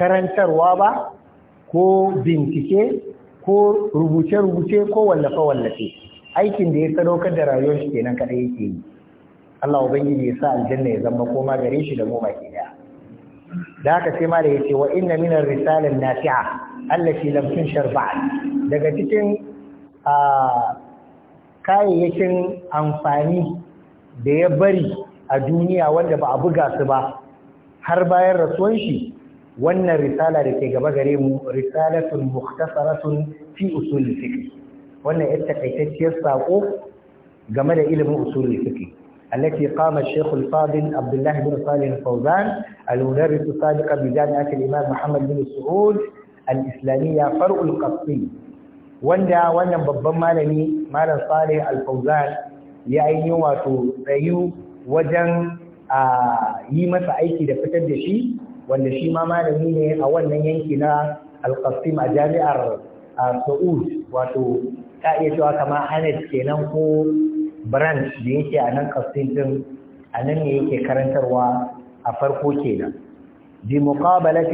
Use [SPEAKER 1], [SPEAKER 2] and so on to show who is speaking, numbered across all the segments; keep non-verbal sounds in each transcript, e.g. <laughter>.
[SPEAKER 1] karantarwa ba ko bincike ko rubuce-rubuce ko wallafe-wallafe aikin da ya sadaukar da rayuwar shi kenan kada yake yi Allah ubangiji ya sa aljanna ya zama koma gare shi da goma ke da haka sai ma da yace wa inna min ar-risalin nafi'a allati lam tunshar ba'd daga cikin kayayyakin amfani da ya bari a duniya wanda ba a buga su ba har bayan rasuwan shi wannan risala da ke gaba gare mu risalatul mukhtasaratun fi usulul fiqh wannan ita take kai game da ilimin usulul fiqh allati qama shaykh al-fadil abdullah bin salih al-fawzan al-mudarris sadiqa bi jami'ati al-imam muhammad bin sa'ud al-islamiyya far'ul qasbi wanda wannan babban malami malam salih al-fawzan yayin wato tsayu wajen ah, yi masa aiki da fitar da shi wanda shi ma malami ne a wannan yanki na alƙasim a jami'ar Sa'ud wato ta iya cewa kama Hanet kenan ko branch da yake a nan ƙasim din a nan ne yake karantarwa a farko kenan bi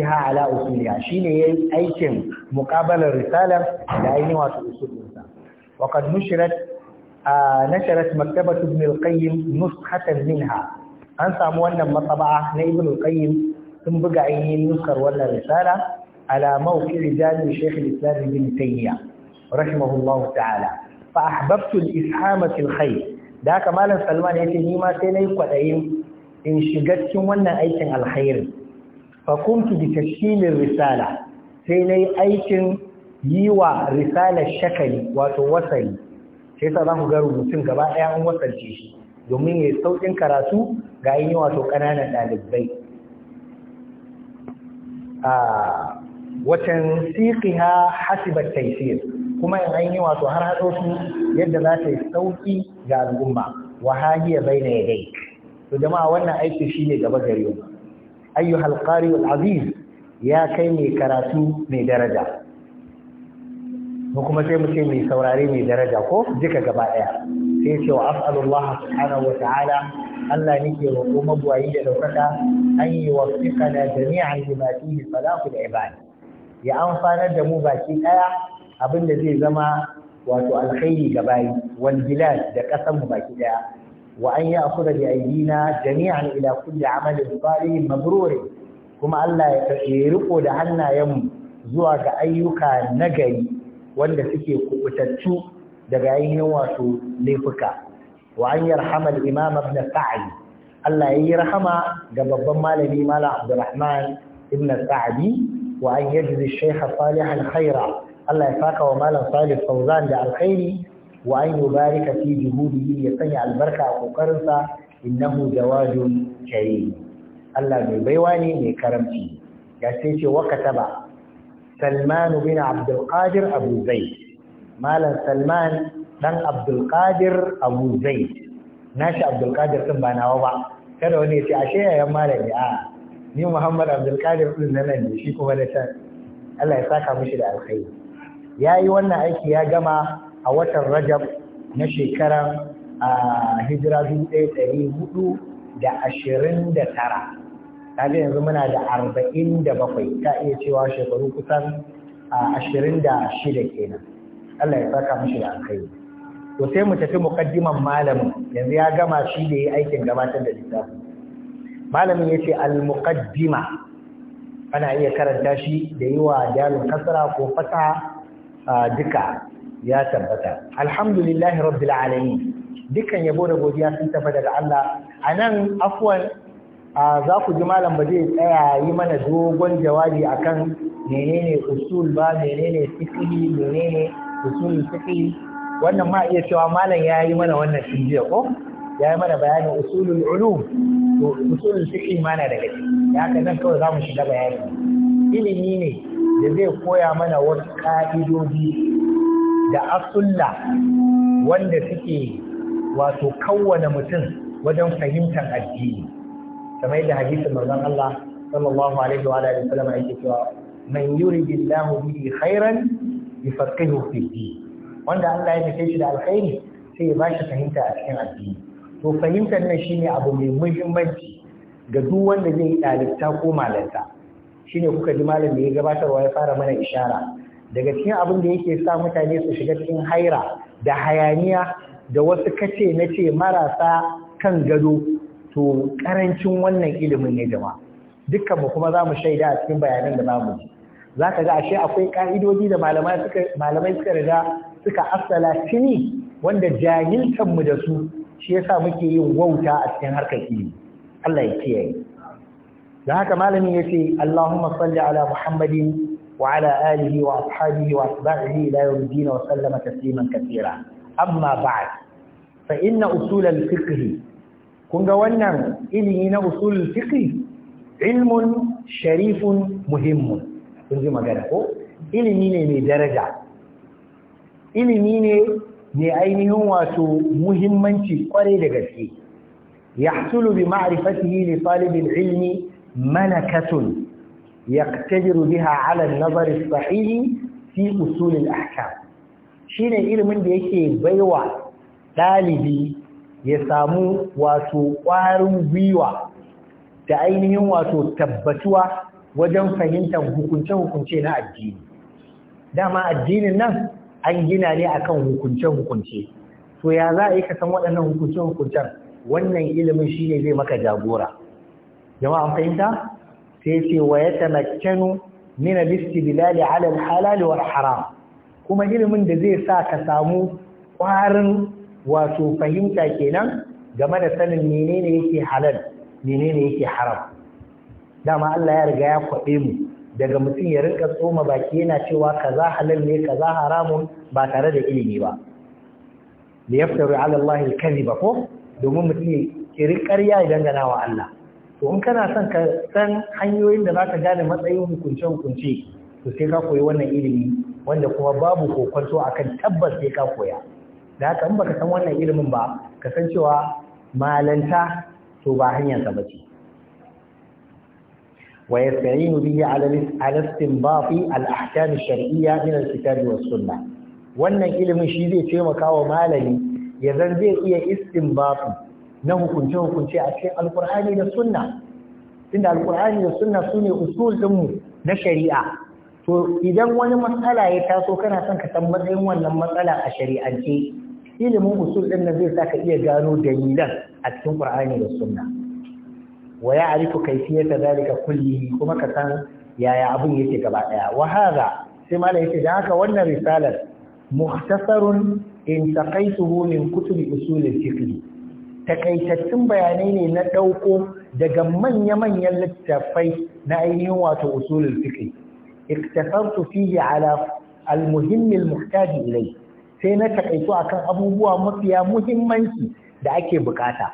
[SPEAKER 1] ta ala usuliya shine yayi aikin muqabalar risalar da ainihin wato usulun sa wa qad nushrat nasharat maktabatu ibn al-qayyim nuskhatan minha an samu wannan matsaba'a na ibn al sun buga ainihin nuskar wannan risala ala mawqi jami shaykh al-islam ibn tayyiya rahimahullah ta'ala fa ahbabtu al-ishama fil da haka malam salman yace ni ma sai nayi kwadayin in shiga cikin wannan aikin alkhairi fa kuntu bi tashkilir risala sai nayi aikin yiwa risala risalar shakali wato wasali sai sa za ku ga rubutun gaba ɗaya an wasalce shi domin ya sauƙin karatu ga yin wato ƙananan ɗalibai a watan siqiha hasibat taysir kuma in an yi wato har hado su yadda za ta yi sauƙi ga al'umma wa hajiya baina yadai to jama'a wannan aiki shine gaba gari. mu ayyuhal qari al aziz ya kai mai karatu mai daraja mu kuma sai mu ce mai saurare mai daraja ko jika gaba ɗaya. sai ce wa af'alullah subhanahu wa ta'ala Allah nake roƙo magwayi da ɗaukaka an yi wa fikana jami'an lima falaku da ibad ya amfanar da mu baki ɗaya abin da zai zama wato alkhairi ga bayi wal bilad da ƙasar mu baki ɗaya wa an yi akura da aidina jami'an ila kulli amalin Fari mabruri kuma Allah ya riko da hannayenmu zuwa ga ayyuka nagari wanda suke kubutattu daga ainihin wato laifuka wa an yarhama al-imam ibn sa'di Allah yayi rahama ga babban malami malam Abdulrahman ibn sa'di wa an yajzi shaykh salih al Allah ya saka wa malam Salih Fauzan da alkhairi wa an yubarika fi juhudihi ya sanya albarka a kokarinsa innahu jawadun karim Allah mai baiwa ne mai karamci yace sai ce wa kataba Salman bin Abdul Qadir Abu Malam Salman dan Abdulkadir Abu Zaid nashi Abdulkadir din ba nawa ba kada wani ya ce ashe yayan malami a ni Muhammad Abdulkadir din nan ne shi kuma da ta Allah ya saka mishi da alkhairi yayi wannan aiki ya gama a watan Rajab na shekarar a hijira 1429 kaga yanzu muna da arba'in da bakwai ta iya cewa shekaru kusan ashirin kenan Allah ya saka mishi da alkhairi to sai mu tafi muqaddiman malamin yanzu ya gama shi da yi aikin gabatar da littafi malamin yace al muqaddima ana iya karanta shi da yiwa wa dalil kasra ko fata duka ya tabbata alhamdulillahi rabbil alamin dukkan yabo da godiya sun tafi daga Allah anan afwan za ku ji malam ba zai tsaya yi mana dogon jawabi akan menene usul ba menene fiqh menene usul fiqh wannan ma iya cewa malam ya yi mana wannan shi ko ya yi mana bayanin usulul ulum to usulul fiqh ma na daga ciki ya haka nan kawai zamu shiga bayani ilimi ne da zai koya mana wasu da asulla wanda suke wato kawwana mutum wajen fahimtar addini kamar yadda hadisin manzon Allah sallallahu alaihi wa alihi wasallam yake cewa man yuridu bihi khairan yufaqihu fi din wanda Allah ya nufe shi da alkhairi sai ya ba shi fahimta a cikin addini to fahimtar nan shine abu mai muhimmanci ga duk wanda zai yi ɗalibta ko malanta shine kuka ji malam da ya gabatarwa ya fara mana ishara daga cikin abin da yake sa mutane su shiga cikin haira da hayaniya da wasu kace na ce marasa kan gado to karancin wannan ilimin ne jama'a dukkan mu kuma zamu shaida a cikin bayanan da zamu ji za ka ga ashe akwai ka'idodi da malamai suka malamai suka riga suka asala tuni wanda jahiltanmu da su shi yasa muke yin wauta a cikin harkar ilimi Allah ya kiyaye dan haka malamin yace Allahumma salli ala Muhammadin wa ala alihi wa ashabihi wa asba'ihi ila wa sallama tasliman katira amma ba'd fa inna usul al-fiqh kun ga wannan ilimi na usulun fikiri?" fiqh ilmun sharifun muhimmun kun ji magana ko ilimi ne mai daraja ilimi ne mai ainihin wato muhimmanci kwarai da gaske yahsulu bi ne li ilimi mana malakatun yaqtadiru biha 'ala an-nazar fi usulin al shi shine ilimin da yake baiwa dalibi ya samu wato ƙwarin gwiwa da ainihin wato tabbatuwa wajen fahimtar hukunce-hukunce na addini dama addinin nan an gina ne akan hukunce-hukunce to ya za a yi ka san waɗannan hukunce-hukuncen wannan ilimin shi ne zai maka jagora jama'a an fahimta sai ce wa ya tamakkanu min al-istidlal ala al-halal haram kuma ilimin da zai sa ka samu ƙwarin wato fahimta kenan game da sanin menene yake halal menene yake haram dama Allah ya riga ya kwaɗe mu daga mutum ya rinka tsoma baki yana cewa kaza halal ne kaza haramun ba tare da ilimi ba da yaftaru ala Allah al-kadhiba ko domin mutum ya kiri ya idan gana wa Allah to in kana son ka san hanyoyin da zaka gane matsayin hukunce hukunce to sai ka koyi wannan ilimi wanda kuma babu kokonto akan tabbas sai ka koya da haka in baka san wannan ilimin ba ka san cewa malanta to ba hanyar ba ce. ويستعين به على على استنباط الاحكام الشرعيه من الكتاب والسنه wannan ilimin shi zai taimaka wa malami ya zan zai iya istinbatu na hukunce hukunce a cikin alkur'ani da sunna tunda alkur'ani da sunna sune usul dinmu na shari'a to idan wani matsala ya taso kana son ka san matsayin wannan matsala a shari'ance ilimin usul din nan zai saka iya gano dalilan a cikin qur'ani da sunna wa ya'rifu da zalika kullihi kuma ka san yaya abun yake gaba daya wa hadha sai Malam yake da haka wannan risalar Muhtasarun in taqaituhu min kutubi usul al-fiqh takaitattun bayanai ne na dauko daga manya-manyan littattafai na ainihin wato usul al-fiqh iktasartu fihi ala al-muhimm al-muhtaj ilayhi sai na takaitu akan abubuwa mafiya muhimmanci da ake bukata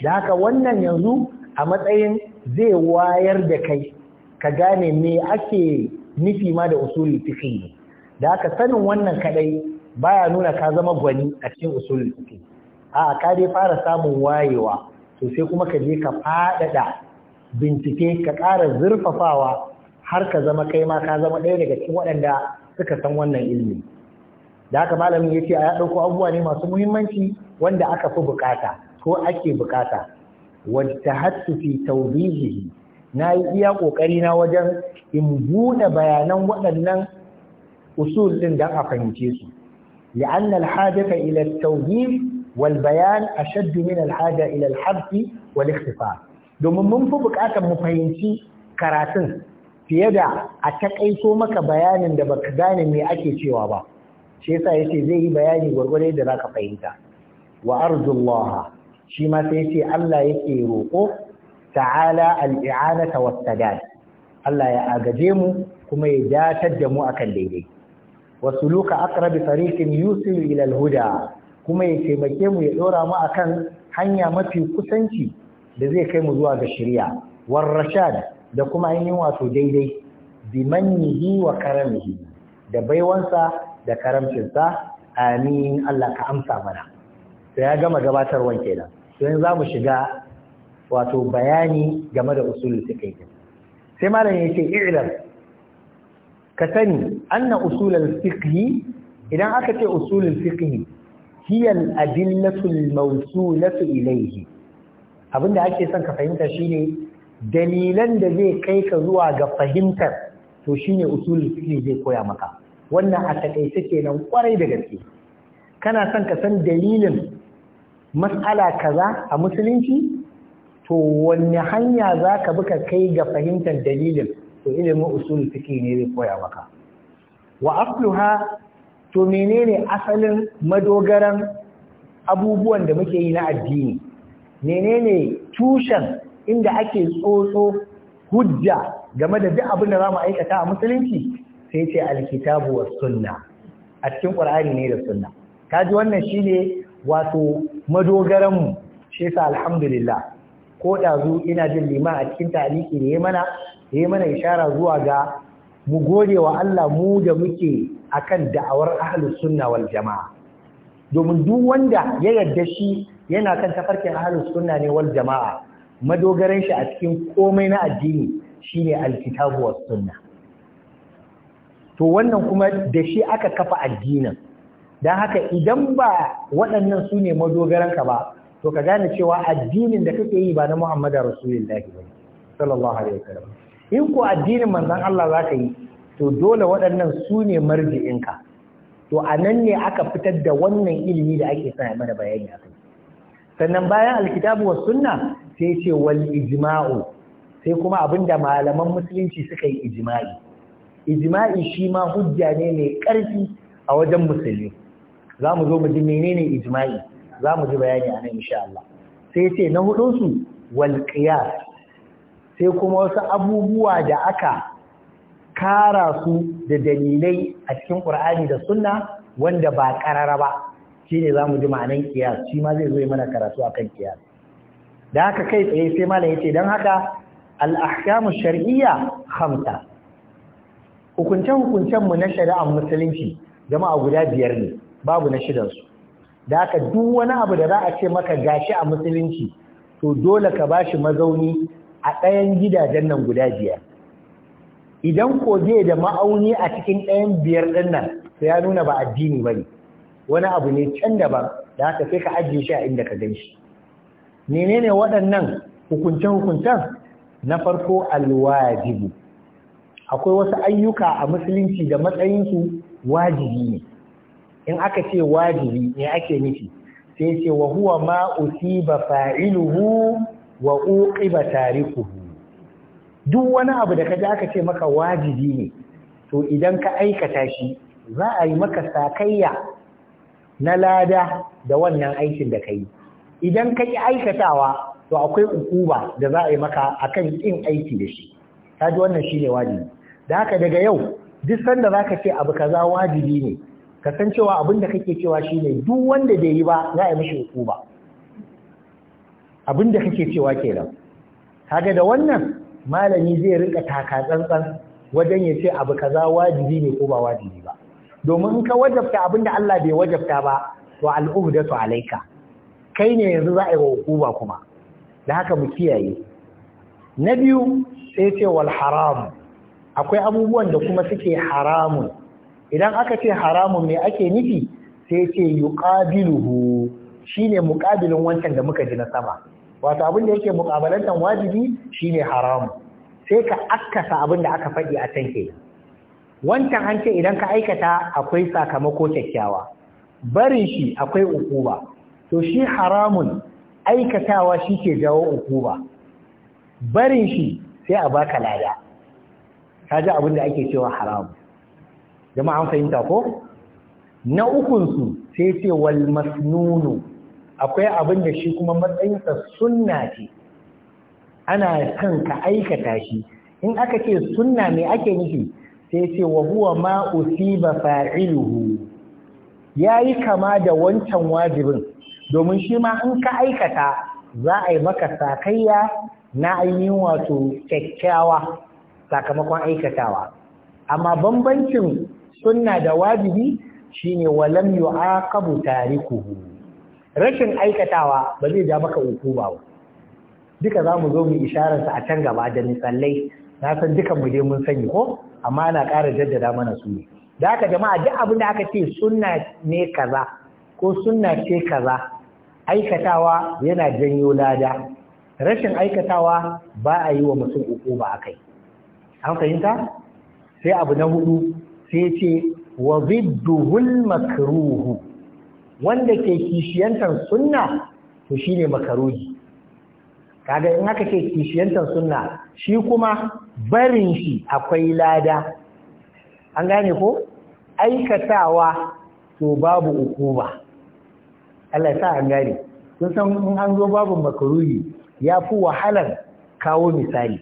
[SPEAKER 1] da haka wannan yanzu a matsayin zai wayar da kai ka gane me ake nufi ma da usulul fiqh da aka sanin wannan kadai baya nuna ka zama gwani a cikin usulul fiqh a ka dai fara samun wayewa to sai kuma ka je ka fadada bincike ka ƙara zurfafawa har ka zama kai ma ka zama ɗaya daga cikin waɗanda suka san wannan ilimi da aka malamin ya ce a ya ɗauko abubuwa ne masu muhimmanci wanda aka fi bukata ko ake bukata wajtahattu fi tawdihihi na yi iya kokari na wajen in buɗe bayanan waɗannan usul din dan a fahimce su لأن bayan إلى التوجيه والبيان أشد من الحاجة إلى الحبس والاختصار domin mun fi buƙatar mu fahimci karatun fiye da a taƙaito maka bayanin da baka gane me ake cewa ba shi yasa yace zai yi bayani gwargwado da zaka fahimta wa arjullaha shi ma sai ce Allah yake roƙo ta'ala al ta wasadad da, Allah ya agaje mu kuma ya datar da mu akan daidai wasuluka aka tariqin yusilu ila al-huda kuma ya taimake mu ya dora mu akan hanya mafi kusanci da zai kai mu zuwa ga shari'a war da kuma ainihin wato daidai bimannihi wa karamihi da baiwansa da karamcinsa amin Allah ka amsa mana sai ya gama gabatar gabatarwan kenan to yanzu za mu shiga wato bayani game da usulul fiqh sai malam yace i'lam ka sani anna usulul fiqh idan aka ce usulul fiqh hiya al-adillatu al-mawsulatu ilayhi abinda ake son ka fahimta shine dalilan da zai kai ka zuwa ga fahimtar to shine usulul fiqh zai koya maka wannan a takaice kenan kwarai da gaske kana son ka san dalilin Matsala kaza a musulunci to wanne hanya za ka bi ka kai ga fahimtar dalilin to ilimin usul fiki ne zai koya maka wa asluha to menene asalin madogaran abubuwan da muke yi na addini menene tushen inda ake tsotso hujja game da duk abin da za mu aikata a musulunci sai ce alkitabu wa sunna a cikin qur'ani ne da sunna ji wannan shine wato madogaran mu shi sa alhamdulillah ko ɗazu ina jin lima a cikin tariki da ya mana da ya mana ishara zuwa ga mu gode wa Allah mu da muke akan da'awar ahlus sunna wal jama'a domin duk wanda ya yarda shi yana kan tafarkin ahlus sunna ne wal jama'a madogaran shi a cikin komai na addini shine alkitabu was sunna to wannan kuma da shi aka kafa addinin don haka idan ba waɗannan su ne madogaranka ba to ka gane cewa addinin da kake yi ba na Muhammadu Rasulullahi ba sallallahu alaihi wasallam in ko addinin manzon Allah za ka yi to dole waɗannan su ne marji'inka to anan ne aka fitar da wannan ilimi da ake sa mana bayani a kai sannan bayan alkitabu wa sunna sai ce wal ijma'u sai kuma abinda malaman musulunci suka yi ijma'i ijma'i shi ma hujja ne mai ƙarfi a wajen musulmi za mu zo mu ji menene ijma'i za mu ji bayani a nan insha Allah sai ce na hudunsu wal qiyas sai kuma wasu abubuwa da aka kara su da dalilai a cikin Qur'ani da Sunna wanda ba karara ba shine za mu ji ma'anan qiyas shi ma zai zo yi mana karatu akan qiyas da haka kai tsaye sai malam yace dan haka al ahkamu shar'iyya khamsa hukunce hukuncen mu na shari'ar musulunci jama'a guda biyar ne babu na shidansu da aka duk wani abu da za a ce maka gashi a musulunci to dole ka ba shi mazauni a ɗayan gidajen nan guda biyar idan ko zai da ma'auni a cikin ɗayan biyar ɗin nan to ya nuna ba addini ba ne wani abu ne can daban da haka sai ka ajiye shi a inda ka gan shi menene waɗannan hukunce-hukuncen na farko alwajibu akwai wasu ayyuka a musulunci da matsayinsu wajibi ne in aka ce wajibi ne ake nufi sai ce wa huwa ma usiba fa'iluhu wa uqiba tarikuhu duk wani abu da kaje aka ce maka wajibi ne to idan ka aikata shi za a yi maka sakayya na lada da wannan aikin da kai idan ka ki aikatawa to akwai ukuba da za a yi maka akan kin aiki da shi kaji wannan shine wajibi da haka daga yau duk sanda zaka ce abu kaza wajibi ne ka san cewa abin da kake cewa shine duk wanda bai yi ba za a yi mishi ba abin da kake cewa ke nan. kaga da wannan malami zai rinka taka tsantsan wajen ya ce abu kaza wajibi ne ko ba wajibi ba domin in ka wajabta abin da Allah bai wajabta ba to al'uhdatu alayka kai ne yanzu za a yi hukuma kuma da haka mu kiyaye na biyu sai ce wal haram akwai abubuwan da kuma suke haramun idan aka ce haramun me ake nufi sai ce yuqabiluhu shine muqabilin wancan da muka ji na sama wato abin da yake muqabalantan wajibi shine haramu sai ka akkasa abin da aka faɗi a can kenan wancan an ce idan ka aikata akwai sakamako kyakkyawa barin shi akwai ukuba to shi haramun aikatawa shi ke jawo ukuba barin shi sai a baka lada ka ji abin da ake cewa haramun jama'a an fahimta ko na ukun su sai ce wal masnunu akwai abin da shi kuma matsayinsa sunna ce ana kan ka aikata shi in aka ce sunna mai ake nufi sai ce wa huwa ma usiba fa'iluhu yayi kama da wancan wajibin domin shi ma in ka aikata za a yi maka sakayya na ainihin wato kyakkyawa sakamakon aikatawa amma bambancin sunna da wajibi shine walam yu'aqabu tarikuhu rashin aikatawa ba zai ja maka uku ba duka zamu zo mu isharar sa a can gaba da misalai na san dukan mu dai mun sani ko amma ana ƙara jaddada mana su ne da haka jama'a duk abin da aka ce sunna ne kaza ko sunna ce kaza aikatawa yana janyo lada rashin aikatawa ba a yi wa mutum ba akai an fahimta sai abu na hudu sai ce wa zidduhul makruhu wanda ke kishiyantar sunna to shine makaruhi kaga in haka ke kishiyantar sunna shi kuma barin shi akwai lada an gane ko aikatawa to babu ukuba Allah sa an gane kun san in an zo babu makaruhi ya fi wahalar kawo misali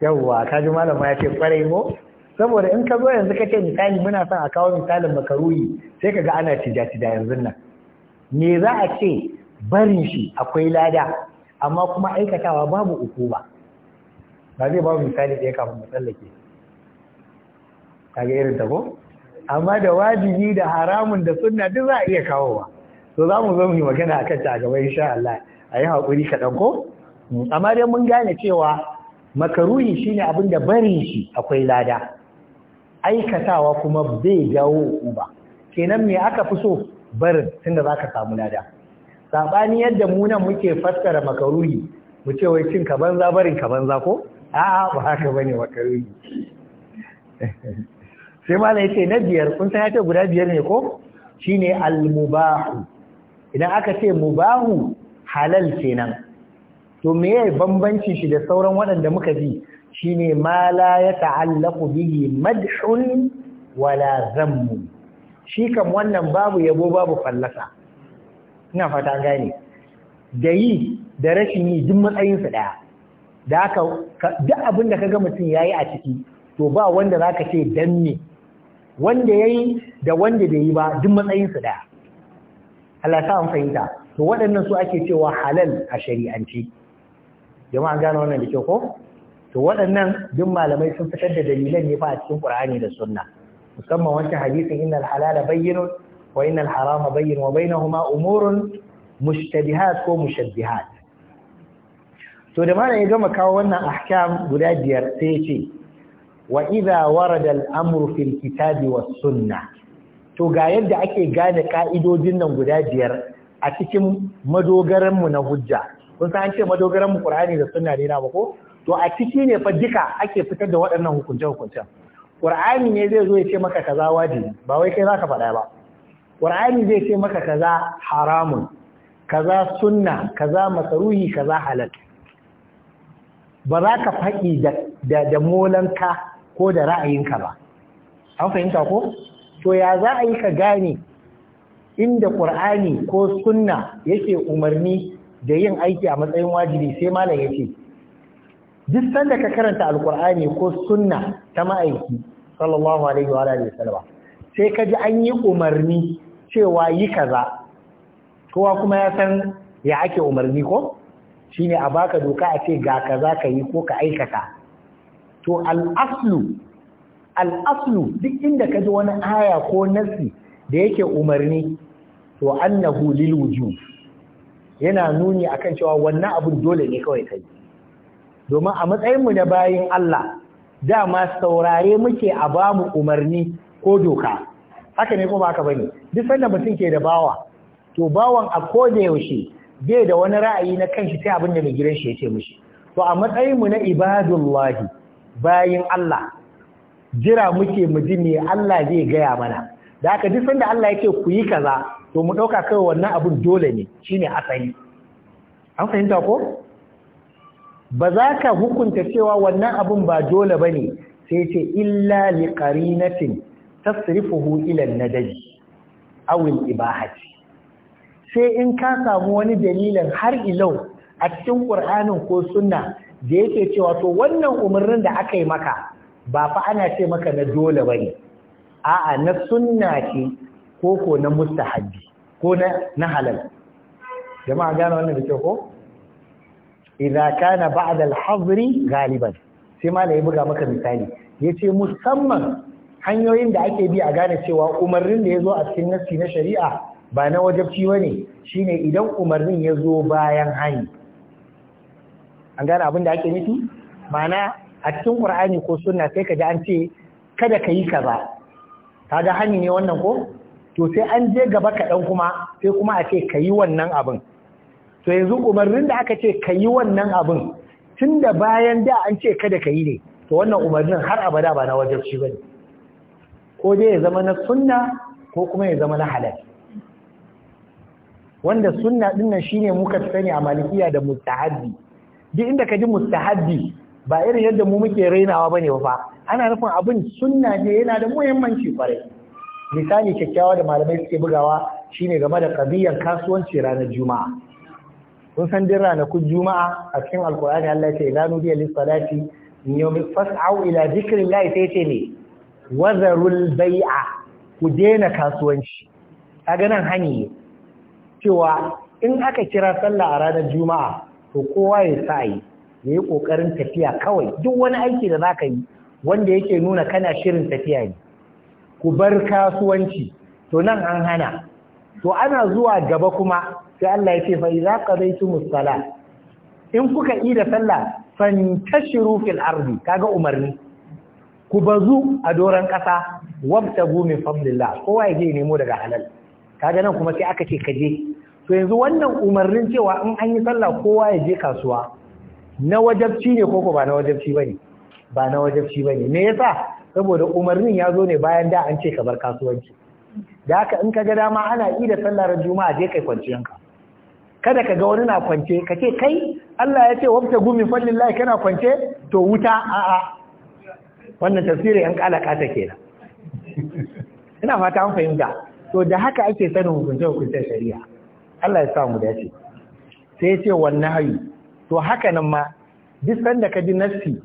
[SPEAKER 1] yawwa kaji malama ya ce kwarai mo. saboda in ka zo yanzu kace misali muna son a kawo misalin makaruyi, sai kaga ana tija-tija yanzu nan me za a ce barin shi akwai lada amma kuma aikatawa babu uku ba zai ba misali ɗaya kafin mu tsallake kaga irin ta ko amma da wajibi da haramun da sunna duk za a iya kawo kawowa to za mu zo mu yi magana akan ta gaba insha Allah a yi haƙuri kaɗan ko amma dai mun gane cewa makaruhi shine abin da barin shi akwai lada aikatawa kuma bai jawo uba kenan me aka fi so barin tunda zaka samu lada sabani yadda mu nan muke fassara makaruri mu ce wai cin ka banza barin ka banza ko a'a ba haka bane makaruri <laughs> sai malai yace na biyar kun san yace guda biyar ne ko shine al-mubahu idan aka ce mubahu halal kenan to meye bambancin shi da sauran waɗanda muka ji shine ma la ya ta'allaqu bihi madhun wala zamm shi kam wannan babu yabo babu fallasa ina fata gane da yi da rashin yi duk matsayin su daya da haka duk abin da kaga mutum yayi a ciki to ba wanda zaka ce dan ne wanda yayi da wanda bai yi ba duk matsayin su daya Allah ta fahimta to waɗannan su ake cewa halal a shari'anci jama'a gane wannan da kyau ko to waɗannan duk malamai sun fitar da dalilan ne fa a cikin Qur'ani da Sunna musamman wancan hadisin innal halala bayyinun wa innal harama bayyin wa bainahuma umurun mushtabihat ko mushabbihat to da malamin ya gama kawo wannan ahkam guda biyar sai ya ce wa idha warada al-amru fil kitabi was sunna. to ga yadda ake gane ka'idojin nan guda biyar a cikin madogaran mu na hujja kun san an ce madogaran mu Qur'ani da Sunna ne na ba ko to a ciki ne fa duka ake fitar da waɗannan hukunce-hukuncen ƙur'ani ne zai zo ya ce maka kaza wajibi ba wai kai zaka faɗa ba ƙur'ani zai ce maka kaza haramun kaza sunna kaza makaruhi kaza halal ba za ka faɗi da da molanka ko da ra'ayinka ba an fahimta ko to ya za a yi ka gane inda ƙur'ani ko sunna yake umarni da yin aiki a matsayin wajibi sai malam ya ce duk sanda ka karanta alkur'ani ko sunna ta ma'aiki sallallahu alaihi wa alihi wasallam sai ka ji an yi umarni cewa yi kaza kowa kuma ya san ya ake umarni ko shine a baka doka a ce ga kaza ka yi ko ka aikata to al-aslu al-aslu duk inda ka ji wani aya ko nasi da yake umarni to annahu lil wujub yana nuni akan cewa wannan abun dole ne kawai kai domin a matsayinmu na bayin Allah dama saurare muke a bamu umarni ko doka haka ne ko ba haka bane duk sanda mutum ke da bawa to bawan a ko da yaushe bai da wani ra'ayi na kanshi sai abin da mai gidan shi ya ce mishi to a matsayinmu na ibadullahi bayin Allah jira muke mu ji me Allah zai gaya mana da haka duk sanda Allah yake ku yi kaza to mu ɗauka kai wannan abun dole ne shine asali an fahimta ko ba za ka hukunta cewa wannan abun ba dole ba ne sai ce illa li ta sirifu hu'ilan na daji aw al sai in ka samu wani dalilin har ilau a cikin ƙur'anin ko sunna da yake cewa to wannan umarnin da aka yi maka ba fa ana ce maka na dole ba ne. a'a na suna ce ko ko na mustahabi ko na halal jama'a gane wannan da ke ko idza kana ba'da al-hazri galiban sai malai ya buga maka misali yace musamman hanyoyin da ake bi a gane cewa umarnin da yazo a cikin nassi na shari'a ba na wajabci bane shine idan umarnin yazo bayan hani an gane abin da ake nufi ma'ana a cikin qur'ani ko sunna sai ka an ce kada ka yi kaza kaga hani ne wannan ko to sai an je gaba kaɗan kuma sai kuma a ce ka yi wannan abin to yanzu umarnin da aka ce ka yi wannan abin tun da bayan da an ce kada ka yi ne to wannan umarnin har abada ba na wajen ba ne ko dai ya zama na sunna ko kuma ya zama na halal wanda sunna dinnan shine muka sani a malikiya da mustahabbi duk inda ka ji mustahabbi ba irin yadda mu muke rainawa bane fa ana nufin abin sunna ne yana da muhimmanci kwarai misali kyakkyawa da malamai suke bugawa shine game da kabiyan kasuwanci ranar juma'a kun san din ranakun juma'a a cikin alkur'ani Allah ce idza nudiya lis salati yawm yawmi fas'au ila dhikrillahi sai ce ne wazarul bai'a ku daina kasuwanci kaga nan hani cewa in aka kira sallah a ranar juma'a to kowa ya sa'i ya yi kokarin tafiya kawai duk wani aiki da zaka yi wanda yake nuna kana shirin tafiya ne ku bar kasuwanci to nan an hana to ana zuwa gaba kuma sai Allah ya ce fa idza ci sala in kuka yi da sallah fantashiru fil ardi kaga umarni ku bazu a doran kasa wabtagu min fadlillah ko ya je nemo daga halal kaga nan kuma sai aka ce kaje to yanzu wannan umarnin cewa in an yi sallah kowa ya je kasuwa na wajabci ne koko ba na wajabci bane ba na wajabci bane me yasa saboda umarnin ya zo ne bayan da an ce ka bar kasuwanci da haka in ka ga dama ana yi da sallar juma'a je kai kwanciyanka kada ka ga wani na kwance ka ce kai Allah ya ce wabta gumi fallin lahi kana kwance to wuta a'a wannan tafsirin yan kalaka ta kenan <laughs> ina fata an fahimta to da haka ake sanin hukunce hukuncen shari'a Allah ya sa mu dace sai ya ce wannan hayu to haka nan ma duk sanda ka ji nassi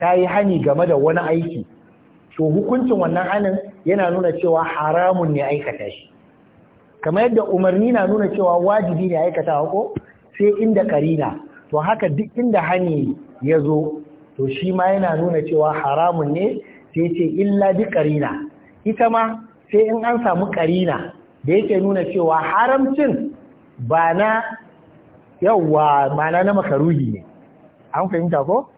[SPEAKER 1] ta yi hani game da wani aiki to hukuncin wannan hanin yana nuna cewa haramun ne aikata shi kamar yadda umarni na nuna cewa wajibi ne aikata ko sai inda karina to haka duk inda hani ya zo to shi ma yana nuna cewa haramun ne sai ce illa bi karina ita ma sai in an samu karina da yake nuna cewa haramcin ba na yawwa ma'ana na makaruhi ne an fahimta ko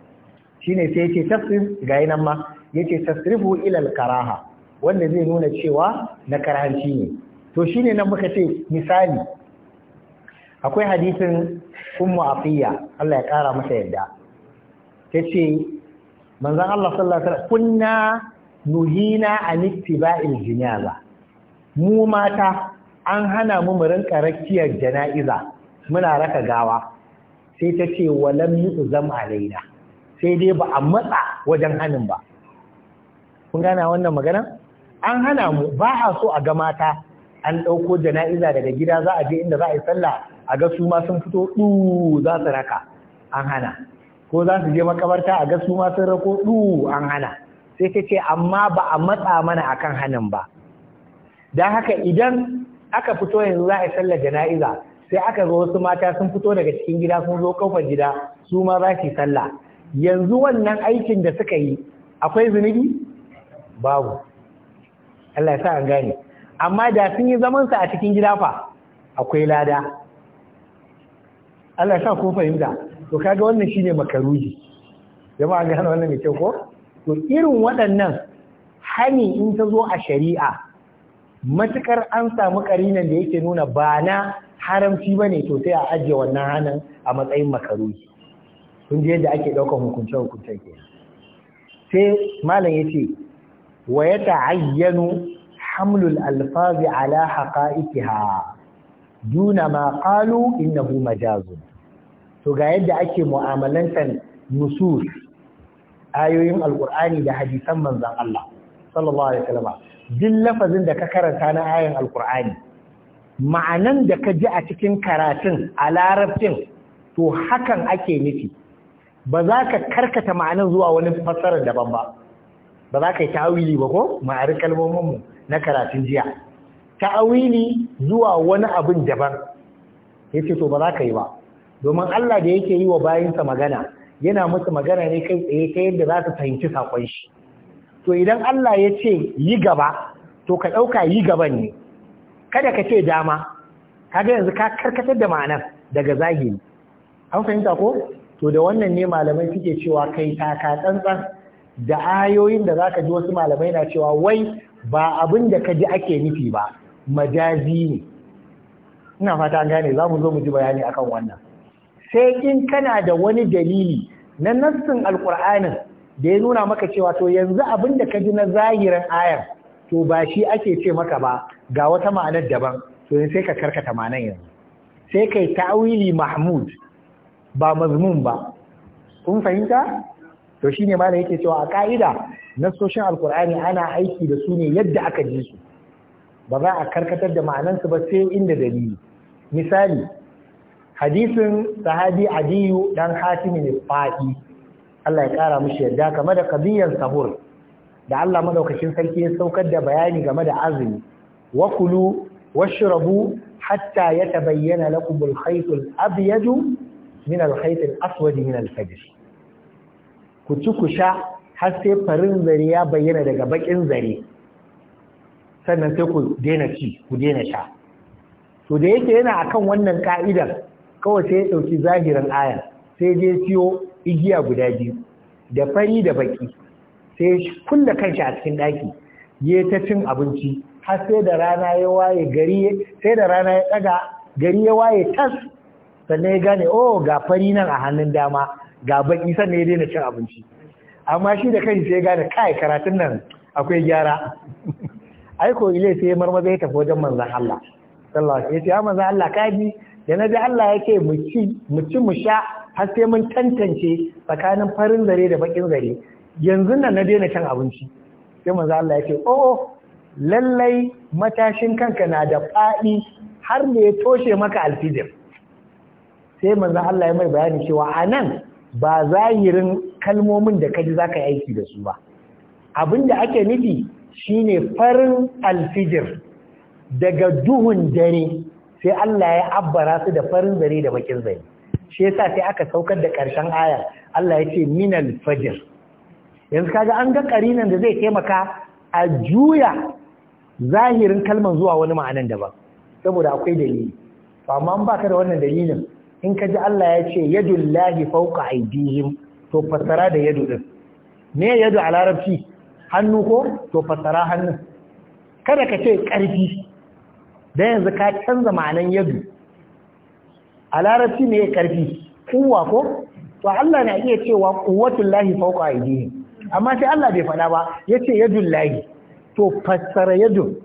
[SPEAKER 1] shine sai ce tafsir ga nan ma yace tasrifu ilal karaha wanda zai nuna cewa na karanci ne to shine nan muka ce misali akwai hadisin ummu afiya Allah ya kara masa yadda tace manzon Allah sallallahu kunna nuhina a ittiba'il jinyaza mu mata an hana mu mu rinka rakiyar jana'iza muna raka gawa sai ta ce walam zama alaina sai dai ba a matsa wajen hanin ba kun gana wannan magana an hana mu ba a so a ga mata an ɗauko jana'iza daga gida za a je inda za a yi sallah a ga su ma sun fito ɗu za su raka an hana ko za su je makabarta a ga su ma sun rako ɗu an hana sai ta ce amma ba a matsa mana akan hanin ba don haka idan aka fito yanzu za a yi sallar jana'iza sai aka ga wasu mata sun fito daga cikin gida sun zo kofar gida su ma za su yi sallah yanzu wannan aikin da suka yi akwai zunubi babu Allah ya sa an gane amma da sun yi zamansa a cikin gida fa akwai lada Allah ya sa kun fahimta to kaga wannan shine makaruji jama'a ga hana wannan mai kyau ko to irin waɗannan hani in ta zo a shari'a matukar an samu karinan da yake nuna ba na haramci ba ne to sai a ajiye wannan hanan a matsayin makaruji kun ji yadda ake ɗaukar hukunce hukunce ke sai malam ya ce wa ya ta'ayyanu hamlul alfazi ala haqa'iqiha duna ma qalu innahu majazun to ga yadda ake mu'amalantar nusus ayoyin alqur'ani da hadisan manzon Allah sallallahu alaihi wasallam duk lafazin da ka karanta na ayoyin alqur'ani ma'anan da ka ji a cikin karatun a larabcin to hakan ake nufi ba za ka karkata ma'anan zuwa wani fassarar daban ba ba za ka yi ta'awili ba ko ma'arin kalmominmu na karatun jiya ta'awili zuwa wani abin daban ya ce to ba za ka yi ba domin Allah da yake yi wa bayansa magana yana musu magana ne kai tsaye ta yadda za su fahimci saƙon shi to idan Allah ya ce yi gaba to ka ɗauka yi gaban ne kada ka ce dama kaga yanzu ka karkatar da ma'anar daga zahiri an fahimta ko to da wannan ne malamai suke cewa kai taka tsantsan da ayoyin da za ka ji wasu malamai na cewa wai ba abin da ka ji ake nufi ba majazi ne ina fata gane za mu zo mu ji bayani akan wannan sai in kana da wani dalili na nassin alkur'anin da ya nuna maka cewa to yanzu abin da ka ji na zahirin ayar to ba shi ake ce maka ba ga wata ma'anar daban to sai ka karkata ma'anar yanzu sai kai ta'awili mahmud ba mazmun ba kun fahimta to shine ma yake cewa a ka'ida nasoshin alkur'ani ana aiki da su ne yadda aka ji su ba za a karkatar da ma'anansu ba sai inda dalili misali hadisin sahabi adiyu dan ne fa'i Allah ya kara mushi yarda kamar da qadiyan sahur da Allah madaukakin sarki ya saukar da bayani game da azumi wa kulu washrabu hatta yatabayyana lakum al-khayt al-abyad min al-khayt al-aswad min al-fajr ku ci ku sha har sai farin zare ya bayyana daga bakin zare sannan sai ku daina ci ku daina sha to da yake yana akan wannan ka'idar kawai sai ya ɗauki zahirin aya sai je siyo igiya guda biyu da fari da baki sai kulle kanshi a cikin ɗaki ya ta cin abinci har sai da rana ya waye gari sai da rana ya ɗaga gari ya waye tas sannan ya gane oh ga fari nan a hannun dama ga baki ne ya daina cin abinci amma shi da kai sai ya gane kai karatun nan akwai gyara <laughs> Ai ko ile sai marmaza ya tafi wajen manzan Allah sallallahu alaihi wasallam ya ce manzan Allah kaji da na ji Allah yake mu ci mu ci mu sha har sai mun tantance tsakanin farin zare da bakin zare yanzu nan na daina cin abinci sai manzan Allah ya ce oh lallai matashin kanka na da faɗi har ne ya toshe maka alfijir sai manzan Allah ya mai bayani cewa anan. ba zahirin kalmomin da kaji za ka yi aiki da su ba abin da ake nufi shi ne farin alfijir daga duhun dare sai Allah ya abbara su da farin zare da bakin zare shi yasa sai aka saukar da ƙarshen aya Allah ya ce min alfijir. yanzu kaga an ga ƙarinan da zai taimaka a juya zahirin kalman zuwa wani ma'anan daban saboda akwai dalili to amma an baka da wannan dalilin in ka ji Allah ya ce yadu lahi fauka aidihim to fassara da yadu din me yadu a larabci hannu ko to fassara hannun kada ka ce karfi da yanzu ka canza ma'anan yadu a larabci me karfi kuwa ko to Allah na iya cewa quwwatul lahi fauka aidihim amma sai Allah bai faɗa ba yace yadu lahi to fassara yadu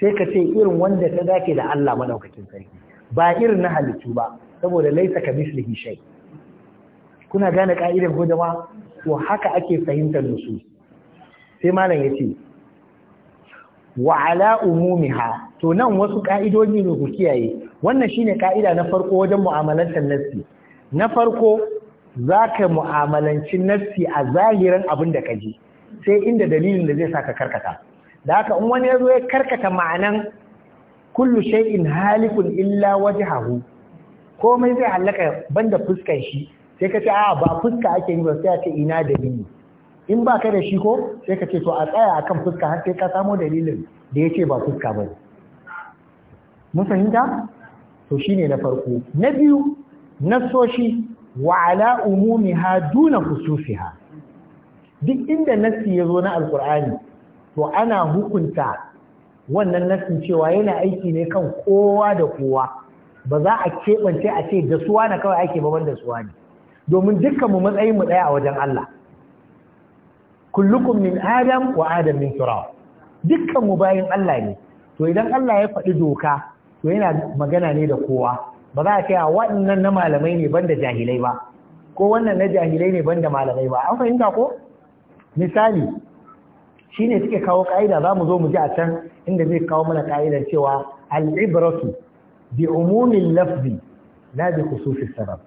[SPEAKER 1] sai ka ce irin wanda ta dace da Allah madaukakin sarki ba irin na halittu ba saboda laisa ka mislihi shay kuna gane ka'idar ko jama'a to haka ake fahimtar nusus sai malam yace wa ala umumiha to nan wasu ka'idoji ne ku kiyaye wannan shine ka'ida na farko wajen mu'amalantar nassi na farko za ka mu'amalanci nassi a zahirin abin da ka kaji sai inda dalilin da zai sa ka karkata da haka in wani yazo ya karkata ma'anan kullu shay'in halikun illa wajhahu komai zai hallaka banda fuskar shi sai ka ce a ba fuska ake yi ba sai a ce ina dalili in ba ka da shi ko sai ka ce to a tsaya akan fuska har sai ka samo dalilin da ya ce ba fuska ba mun fahimta to shine na farko na biyu nasoshi wa ala umumiha duna khususiha duk inda nassi ya zo na alkur'ani to ana hukunta wannan nassin cewa yana aiki ne kan kowa da kowa ba za a keɓance a ce da suwa na kawai ake babban da suwa ne domin dukkan mu matsayin mu ɗaya a wajen Allah kullukum min adam wa adam min turab dukkan mu bayin Allah ne to idan Allah ya faɗi doka to yana magana ne da kowa ba za a ce a waɗannan na malamai ne banda jahilai ba ko wannan na jahilai ne banda malamai ba an fahimta ko misali shine suke kawo ka'ida za mu zo mu ji a can inda zai kawo mana ka'idar cewa al'ibratu bi umumin lafzi na bi khususis sabab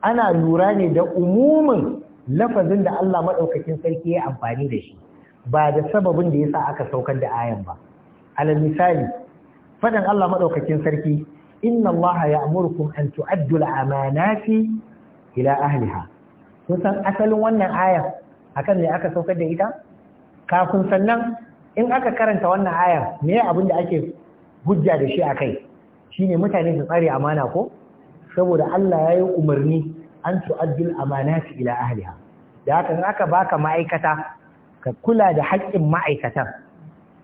[SPEAKER 1] ana lura ne da umumin lafazin da Allah maɗaukakin sarki ya amfani da shi ba da sababin da ya sa aka saukar da ayan ba alal misali fadan Allah maɗaukakin sarki inna Allah ya'murukum an tu'addu al-amanati ila ahliha kun san asalin wannan aya akan ne aka saukar da ita kafin sannan in aka karanta wannan aya me abin da ake hujja da shi a kai? shine mutane su tsare amana ko saboda Allah ya yi umarni an amana fi ila ahliha da haka in aka baka ma'aikata ka kula da haƙƙin ma'aikatan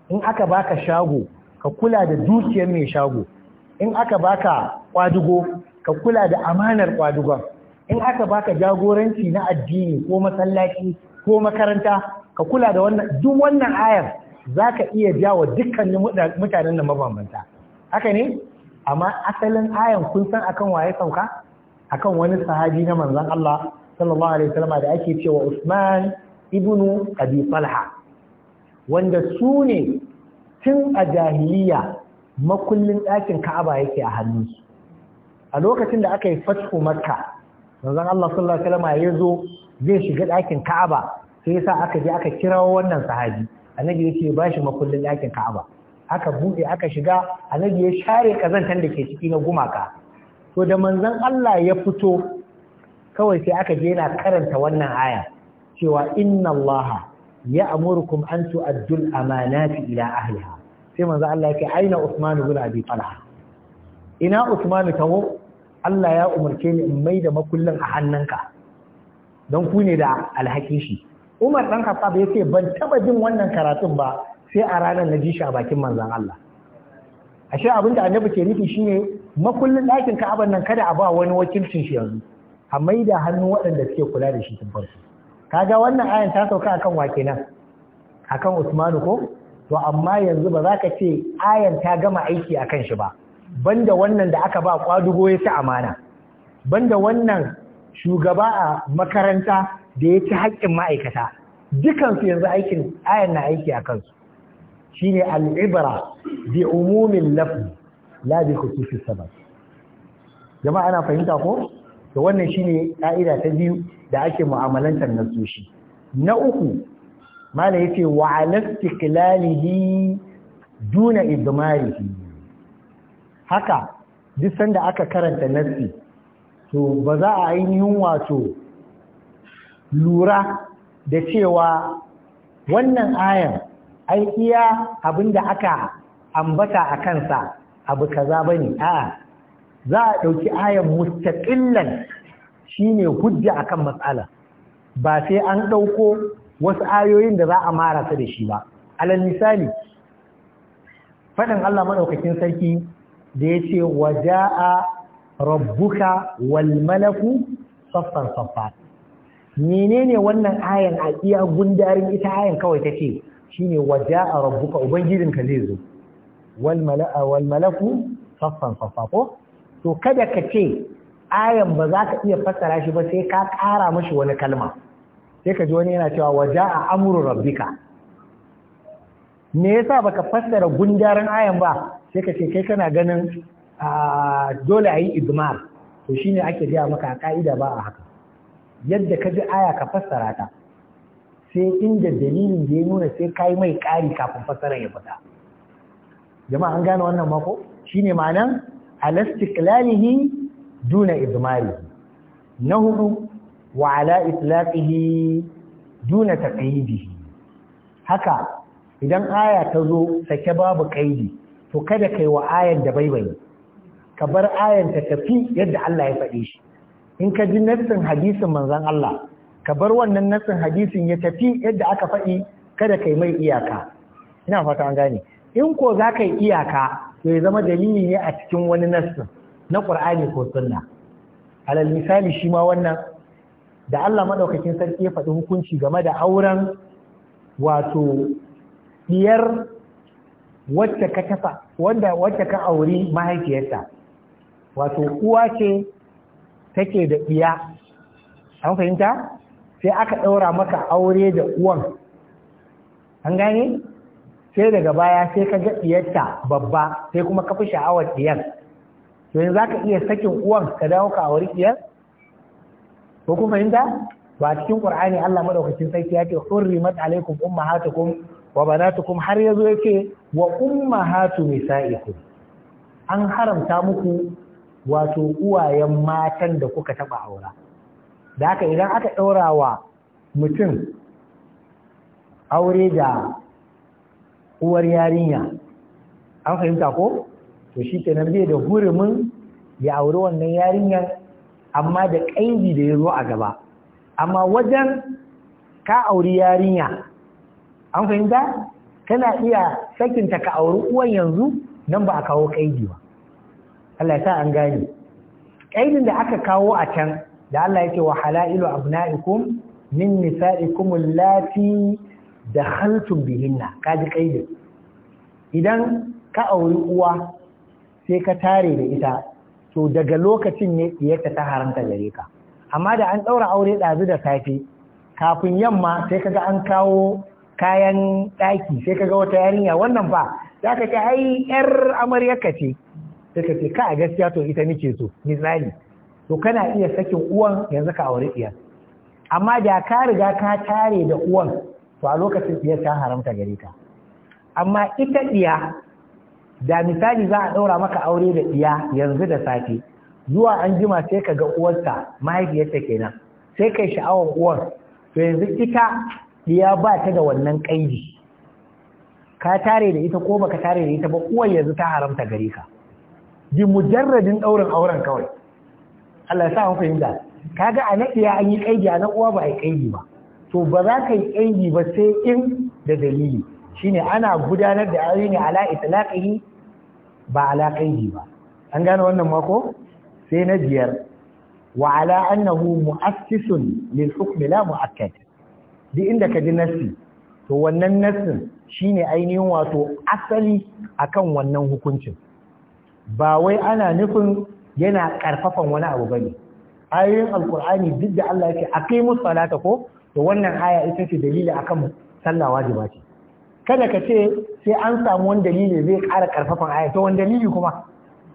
[SPEAKER 1] in aka baka shago ka kula da dukiyar mai shago in aka baka kwadugo ka kula da amanar kwadugon in aka baka jagoranci na addini ko masallaci ko makaranta ka kula da wannan duk wannan ayar zaka iya jawo dukkanin mutanen da mabambanta haka ne amma asalin ayan kun san akan waye sauka akan wani sahabi na manzon Allah sallallahu alaihi wasallam da ake cewa Usman ibn Abi Talha wanda su ne tun a jahiliya makullin ɗakin Ka'aba yake a hannunsu a lokacin da aka yi fathu Makka manzon Allah sallallahu alaihi wasallam ya zo zai shiga ɗakin Ka'aba sai yasa aka je aka kirawo wannan sahabi annabi yake ba shi makullin ɗakin Ka'aba aka buɗe aka shiga annabi ya share kazantar da ke ciki na gumaka to da manzon Allah ya fito kawai sai aka je yana karanta wannan aya cewa inna Allah ya amurkum an tu'addul amanati ila ahliha sai manzon Allah yake aina Uthman ibn Abi Talha ina Uthman tawo Allah ya umarce ni in maida makullin a hannunka don ku ne da alhaki shi Umar dan Khattab yace ban taba jin wannan karatun ba sai a ranar na ji shi a bakin manzan Allah ashe abinda annabi ke nufi ne makullin ɗakin ka'aban nan kada a ba wani wakilcin shi yanzu a maida hannu waɗanda suke kula da shi tun farko kaga wannan ayan ta sauka akan wake nan kan Usmanu ko to amma yanzu ba za ka ce ayan ta gama aiki akan shi ba banda wannan da aka ba kwadugo ya ci amana banda wannan shugaba a makaranta da ya ci haƙƙin ma'aikata dukansu yanzu aikin ayan na aiki a kansu shine al'ibra bi umumin lafzi la bi khususi sabab jama'a ana fahimta ko Da wannan shine ƙa'ida ta biyu da ake mu'amalantar nasoshi na uku mala yace wa alastiklalihi juna duna idmarihi haka duk sanda aka karanta nassi to ba za a ainihin wato lura da cewa wannan ayan ai iya abin da aka ambata a kansa abu kaza ba ne. a'a za a ɗauki ayan mustaqillan shine hujja akan matsala ba sai an ɗauko wasu ayoyin da za a marasa da shi ba alal misali faɗin Allah maɗaukakin sarki da ya ce waja'a rabbuka wal malaku saffan saffa menene wannan ayan a iya gundarin ita ayan kawai ta ce shine waja'a rabbuka ubangijinka zai zo wal mala'a wal malaku saffan saffa ko to kada ka ce ayan ba za ka iya fassara shi ba sai ka kara mashi wani kalma sai ka ji wani yana cewa waja'a amru rabbika me yasa baka fassara gundaran ayan ba sai ka ce kai kana ganin dole a yi idmar to shine ake gaya maka a ka'ida ba a haka yadda ka ji aya ka fassara ta sai inda dalilin da ya nuna sai kai mai ƙari kafin fasara ya fita jama'a an gane wannan mako shine ma'anan alastiklalihi duna idmari na hudu wa ala itlaqihi duna taqyidihi haka idan aya ta zo sake babu kaidi to kada kai wa ayan da baibayi ka bar ayan ta tafi yadda Allah ya faɗe shi in ka ji nassin hadisin manzon Allah ka bar wannan nassin hadisin ya tafi yadda aka faɗi kada kai mai iyaka ina fata an gane in ko za ka yi iyaka to ya zama dalili ne a cikin wani nassin na ƙur'ani ko sunna alal misali shi ma wannan da Allah madaukakin sarki ya faɗi hukunci game da auren wato diyar wacce ka tafa wanda wacce ka auri mahaifiyarta wato uwa ce take da iya an fahimta sai aka ɗaura maka aure da uwan an gane sai daga baya sai ka ga ɗiyarta babba sai kuma ka fi sha'awar ɗiyar to yanzu za ka iya sakin uwan ka dawo ka auri ɗiyar ko kuma fahimta ba cikin ƙur'ani Allah madaukakin sarki ya ce mata alaikum ummahatukum wa banatukum har yazo yake wa ummahatu nisaikum an haramta muku wato uwayen matan da kuka taba aura da haka idan aka ɗaura wa mutum aure da uwar yarinya an fahimta ko to shi kenan zai da hurumin ya auri wannan yarinya. amma da ƙaidi da ya zo a gaba amma wajen ka auri yarinya an fahimta kana iya sakinta ka auri uwan yanzu nan ba a kawo ƙaidi ba Allah ya sa an gane ƙaidin da aka kawo a can da Allah yake wa halailu abna'ikum min nisa'ikum allati dakhaltum bihinna kaji kaidin idan ka auri uwa sai ka tare da ita to daga lokacin ne diyarta ta haramta gare ka amma da an daura aure dazu da safe kafin yamma sai kaga an kawo kayan daki sai kaga wata yarinya wannan fa zaka ce ai yar amaryarka ce sai ka ce ka a gaskiya to ita nake so misali to kana iya sakin uwan yanzu ka aure ɗiyar amma da ka riga ka tare da uwan to a lokacin ɗiyar ta haramta gare ka amma ita ɗiya da misali za a ɗaura maka aure da ɗiya yanzu da safe zuwa an jima sai ka ga uwarsa mahaifiyarta kenan sai kai sha'awar uwar to yanzu ita ɗiya ba ta da wannan ƙaidi ka tare da ita ko baka tare da ita ba uwar yanzu ta haramta gare ka bi mujarradin ɗaurin auren kawai Allah ya sa fahimta kaga a na iya an yi kaidi a na uwa ba a yi kaidi ba to ba za ka yi kaidi ba sai in da dalili shine ana gudanar da ayoyi ne ala itlaqihi ba ala kaidi ba an gane wannan mako sai na biyar wa ala annahu mu'assisun lil hukm la mu'akkad duk inda ka ji nassi to wannan nassin shine ainihin wato asali akan wannan hukuncin ba wai ana nufin yana ƙarfafan wani abu bane ayoyin alkur'ani duk da Allah yake aqimu salata ko to wannan aya ita ce dalili akan sallah wajiba ce kada ka ce sai an samu wani dalili zai ƙara ƙarfafan aya to wani dalili kuma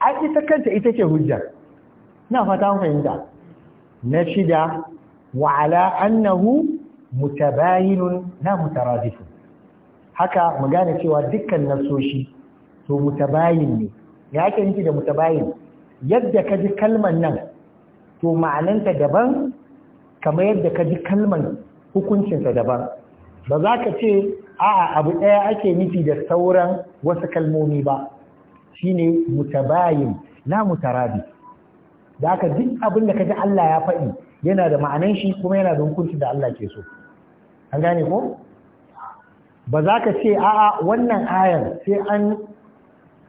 [SPEAKER 1] a ita kanta ita ce hujja na fata mun fahimta na shida wa ala annahu mutabayinun na mutaradifu haka mu gane cewa dukkan nasoshi to mutabayin ne ya ake da mutabayin yadda ka ji kalman nan to ma'ananta daban kamar yadda ka ji kalman hukuncinsa daban ba za ka ce a'a abu ɗaya ake nufi da sauran wasu kalmomi ba shine mutabayin la mutarabi da aka duk abin da ka ji Allah ya faɗi yana da ma'anan shi kuma yana da hukunci da Allah ke so an gane ko ba za ka ce a'a wannan ayar sai an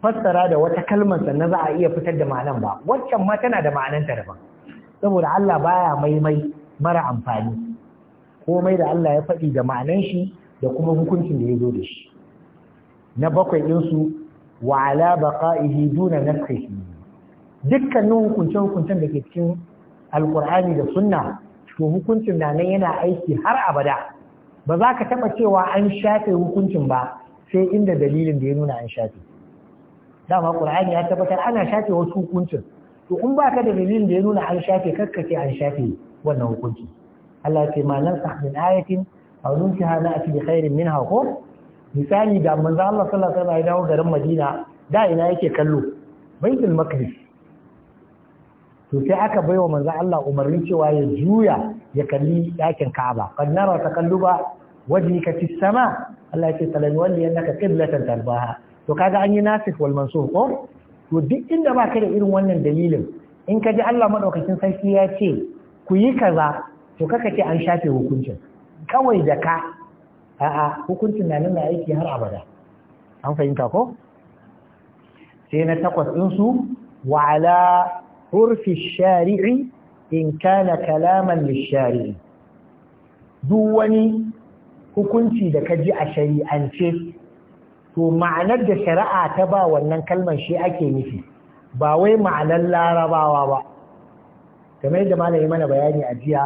[SPEAKER 1] fassara da wata kalmar sannan za a iya fitar da ma'anan ba waccan ma tana da ma'ananta daban saboda Allah baya maimai mara amfani komai da Allah ya faɗi da ma'anan shi da kuma hukuncin da ya zo da shi na bakwai ɗinsu wa ala baqa'ihi duna nafsihi dukkanin hukunce hukuncin da ke cikin alkur'ani da sunna to hukuncin na nan yana aiki har abada ba za ka taɓa cewa an shafe hukuncin ba sai inda dalilin da ya nuna an shafe dama qur'ani ya tabbatar ana shafe wasu hukuncin to in baka da dalilin da ya nuna an shafe kakkace an shafe wannan hukunci Allah ya ce ma nan sahmin ayatin aw nunsiha a cikin khairin min ko misali da manzo Allah sallallahu alaihi wasallam ya dawo garin Madina da ina yake kallo baitul maqdis to sai aka baiwa manzo Allah umarni cewa ya juya ya kalli dakin Ka'aba kan nara takalluba wajhika fis sama Allah ya ce talan walli annaka qiblatan tarbaha to kaga an yi nasikh wal mansukh ko to duk inda ba ka da irin wannan dalilin in ka ji Allah madaukakin sarki ya ce ku yi kaza to kaka ce an shafe hukuncin kawai da ka a'a hukuncin na nan aiki har abada an fahimta ko sai na takwas din su wa ala hurfi shari'i in kana kalaman lishari'i duk wani hukunci da ka ji a shari'ance to ma'anar da shari'a ta ba wannan kalmar shi ake nufi ba wai ma'anar larabawa ba kamar yadda malami mana bayani a jiya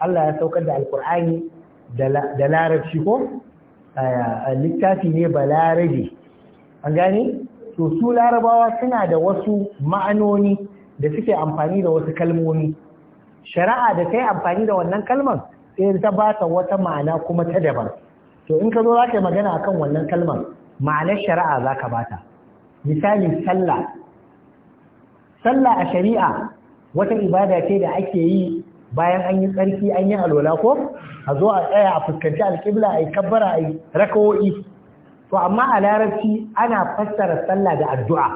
[SPEAKER 1] Allah ya saukar da alkur'ani da larabci ko littafi ne ba larabi an gane to su larabawa suna da wasu ma'anoni da suke amfani da wasu kalmomi shari'a da ta yi amfani da wannan kalmar sai ta ba ta wata ma'ana kuma ta daban to in ka zo za ka yi magana akan wannan kalmar ma'anar shari'a za ka bata misali sallah sallah a shari'a wata ibada ce da ake yi bayan an yi tsarki an yi alwala ko a zo a tsaya a fuskanci alƙibla a yi kabbara a yi rakawo'i to amma a larabci ana fassara sallah da addu'a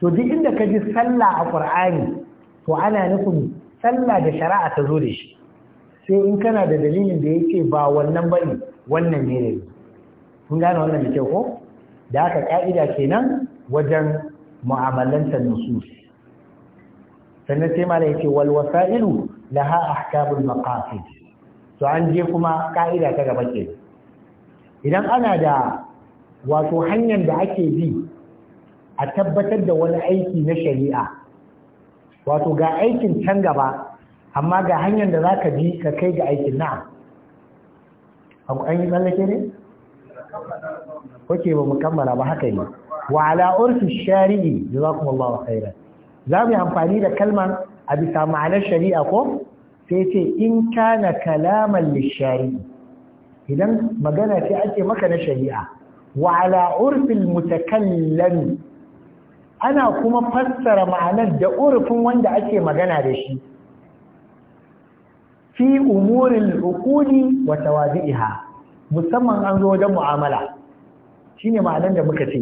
[SPEAKER 1] to duk inda ka ji sallah a ƙur'ani to ana nufin sallah da shari'a ta zo da shi sai in kana da dalilin da yake ba wannan bane wannan ne ne kun gane wannan da kyau ko da aka ka'ida kenan wajen mu'amalantar nusus sannan sai malai yake wal wasailu laha ahkamul maqasid to an je kuma ka'ida ta gaba ke idan ana da wato hanyar da ake bi a tabbatar da wani aiki na shari'a wato ga aikin can gaba amma ga hanyar da zaka bi ka kai ga aikin na'am an yi tsallake ne kuke ba mu kammala ba haka ne wa ala urfi shari'i jazakumullahu khairan za mu yi amfani da kalman a bisa ma'anar shari'a ko sai ce in kana kalaman lishari'i idan magana ce ake maka na shari'a wa ala urfil mutakallami ana kuma fassara ma'anar da urfin wanda ake magana da shi fi umurin uquli wa tawazi'iha musamman an zo wajen mu'amala shine ma'anar da muka ce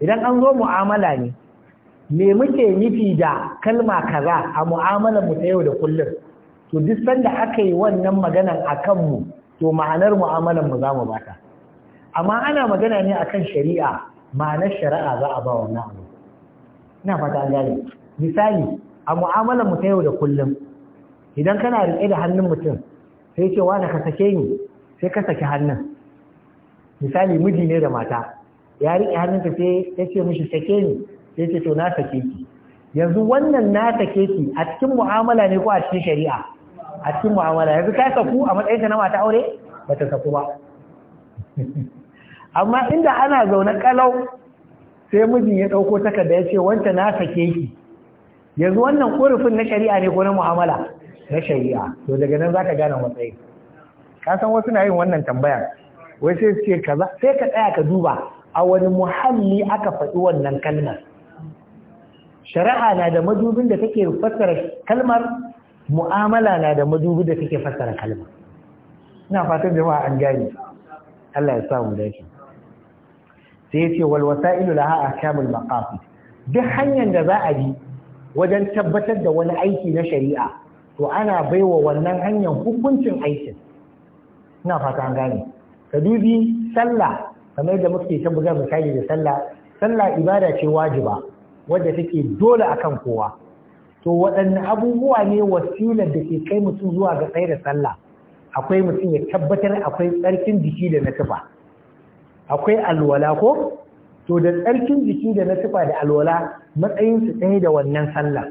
[SPEAKER 1] idan an zo mu'amala ne me muke nufi da kalma kaza a mu'amalar mu ta yau da kullum to duk sanda aka yi wannan maganar a kanmu to ma'anar mu'amalar mu za mu bata amma ana magana ne akan shari'a ma'anar shari'a za a ba wannan abu ina fata an gane misali a mu'amalar mu ta yau da kullum idan kana riƙe da hannun mutum sai ce wani ka sake ni sai ka saki hannun misali miji ne da mata ya riƙe hannunta sai ya ce mishi sake ni sai ce to na sake ki yanzu wannan na sake ki a cikin mu'amala ne ko a cikin shari'a a cikin mu'amala yanzu ka saku a matsayinka na mata aure ba ta saku ba <laughs> amma inda ana zaune kalau sai mijin ya ɗauko takarda ya ce wanta na sake ki yanzu wannan ƙorafin na shari'a ne ko na mu'amala na shari'a to daga nan za gane matsayin ka san wasu na yin wannan tambaya wai sai su kaza sai ka tsaya ka duba a wani muhalli aka faɗi wannan kalmar shari'a na da madubin da take fassara kalmar mu'amala na da madubin da take fassara kalmar ina fatan jama'a an gane Allah ya samu dace sai yace wal wasa'ilu laha ahkamul maqasid duk hanyar da za a bi wajen tabbatar da wani aiki na shari'a to ana baiwa wannan hanyar hukuncin aikin ina fata an gane ka dubi sallah kamar da muke ta buga misali da sallah sallah ibada ce wajiba wadda take dole akan kowa to waɗanne abubuwa ne wasilar da ke kai mutum zuwa ga tsaye da sallah akwai mutum ya tabbatar akwai tsarkin jiki da na tufa akwai alwala ko to da tsarkin jiki da na tufa da alwala matsayinsu tsaye da wannan sallah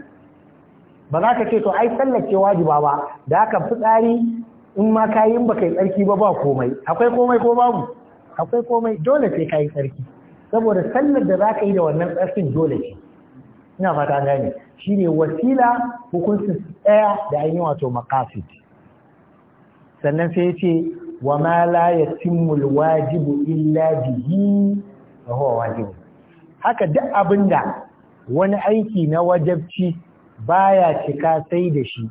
[SPEAKER 1] ba za ka ce to ai sallah ce wajiba ba da haka fitsari in ma kayin ba kai tsarki ba ba komai akwai komai ko babu akwai komai dole sai ka tsarki saboda sallar da za ka yi da wannan tsarkin dole ce ina fata gane shi ne wasila hukuncin tsaya da ainihin wato makasid sannan sai ya ce wa ma la wajibu illa bihi wa wajibu haka duk abinda wani aiki na wajabci baya cika sai da shi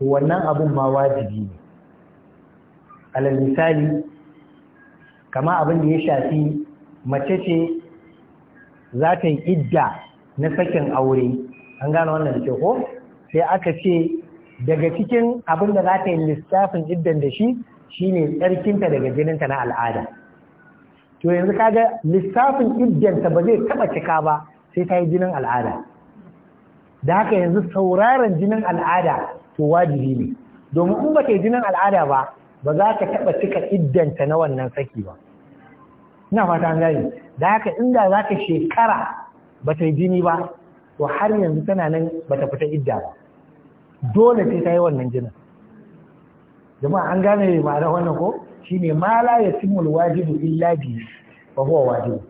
[SPEAKER 1] to wannan abun ma wajibi ne alal misali kama abin da ya shafi mace ce za ta yi idda na sakin aure an gano wannan da ko sai aka ce daga cikin abin da za ta yi lissafin iddan da shi shine tsarkinta daga jininta na al'ada to yanzu kaga lissafin iddanta ba zai taba cika ba sai ta yi jinin al'ada da haka yanzu sauraron jinin al'ada to wajibi ne domin in ba ta yi jinin al'ada ba ba za ka taɓa cika iddanta na wannan saki ba ina fata an gani da haka inda za ka shekara ba ta jini ba to har yanzu tana nan ba ta fita idda ba dole sai ta yi wannan jinin jama'a an gane ma'ana wannan ko shine ma la wajibu illa bi ba huwa wajibu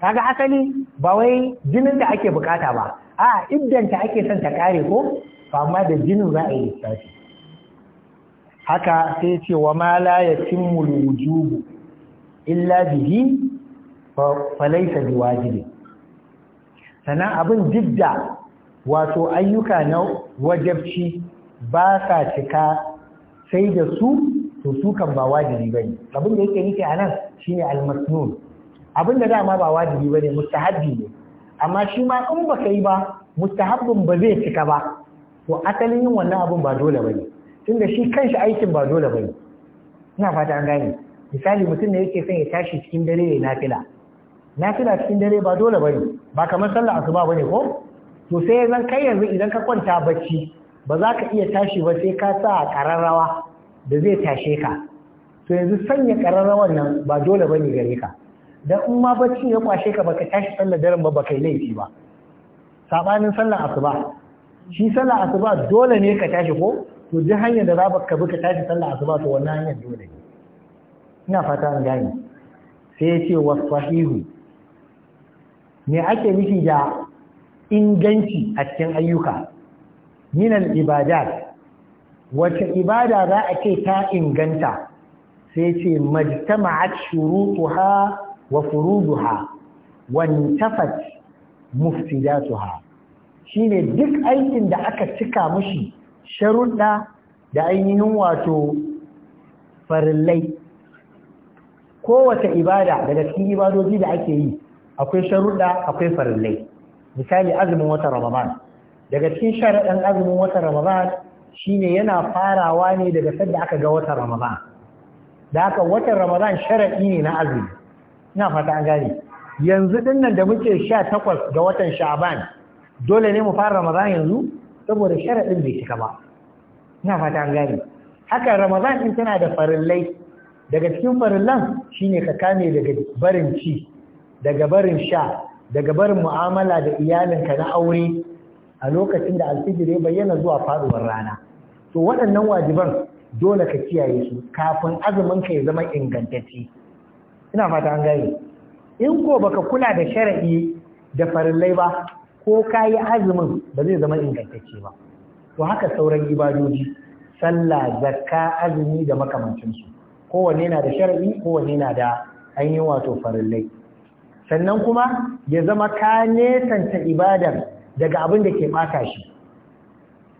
[SPEAKER 1] kaga asali ba wai jinin da ake bukata ba A'a iddanta ake son ta kare ko ba amma da jinin za a yi lissafi haka sai ce wa ma la yatimmu alwujub illa bihi fa laysa biwajibi sannan abin didda wato ayyuka na wajabci ba sa cika sai da su to su kan ba wajibi bane abin da yake nufi anan shine almasnun abin da dama ba wajibi bane mustahabbi ne amma shi ma in baka yi ba mustahabbin ba zai cika ba to asalin yin wannan abin ba dole bane Tun da shi kan shi aikin ba dole bane ina fata an gane misali mutum ne yake son ya tashi cikin dare ya nafila nafila cikin dare ba dole bane ba kamar sallar asuba bane ko to sai zan kai yanzu idan ka kwanta bacci ba za ka iya tashi ba sai ka sa kararrawa da zai tashe ka to yanzu sanya kararrawar nan ba dole bane gare ka dan in ma bacci ya kwashe ka baka tashi sallar daren ba baka yi laifi ba sabanin sallar asuba shi sallar asuba dole ne ka tashi ko to ji hanyar da za ka bi ka tashi sallah asuba to wannan hanyar dole ina fata an gane sai ya ce wasahihu me ake nufi da inganci a cikin ayyuka minal ibadat wace ibada za a ce ta inganta sai ce majtama'at shurutuha wa furuduha wantafat mufsidatuha shine duk aikin da aka cika mushi sharuɗa da ainihin wato farillai kowace ibada daga cikin ibadoji da ake yi akwai sharuɗa akwai farillai misali azumin wata ramadan daga cikin sharaɗin azumin wata ramadan shine yana farawa ne daga sanda aka ga wata ramadan da aka watan ramadan sharaɗi ne na azumi ina fata an gane yanzu dinnan da muke sha takwas ga watan Sha'aban dole ne mu fara ramadan yanzu saboda sharaɗin bai cika ba ina fata an gane haka ramadan din tana da farillai daga cikin farillan shine ka kame daga barin ci daga barin sha daga barin mu'amala da iyalinka na aure a lokacin da alfijir ya bayyana zuwa faɗuwar rana to waɗannan wajiban dole ka kiyaye su kafin azumin ka ya zama ingantacce ina fata an gane in ko baka kula da shar'i da farillai ba ko ka yi azumin ba zai zama ingantacce ba to haka sauran ibadoji sallah zakka azumi da makamancinsu kowanne na da shar'i kowanne na da ainihin wato farillai sannan kuma ya zama ka nesanta ibadar daga abin da ke ɓata shi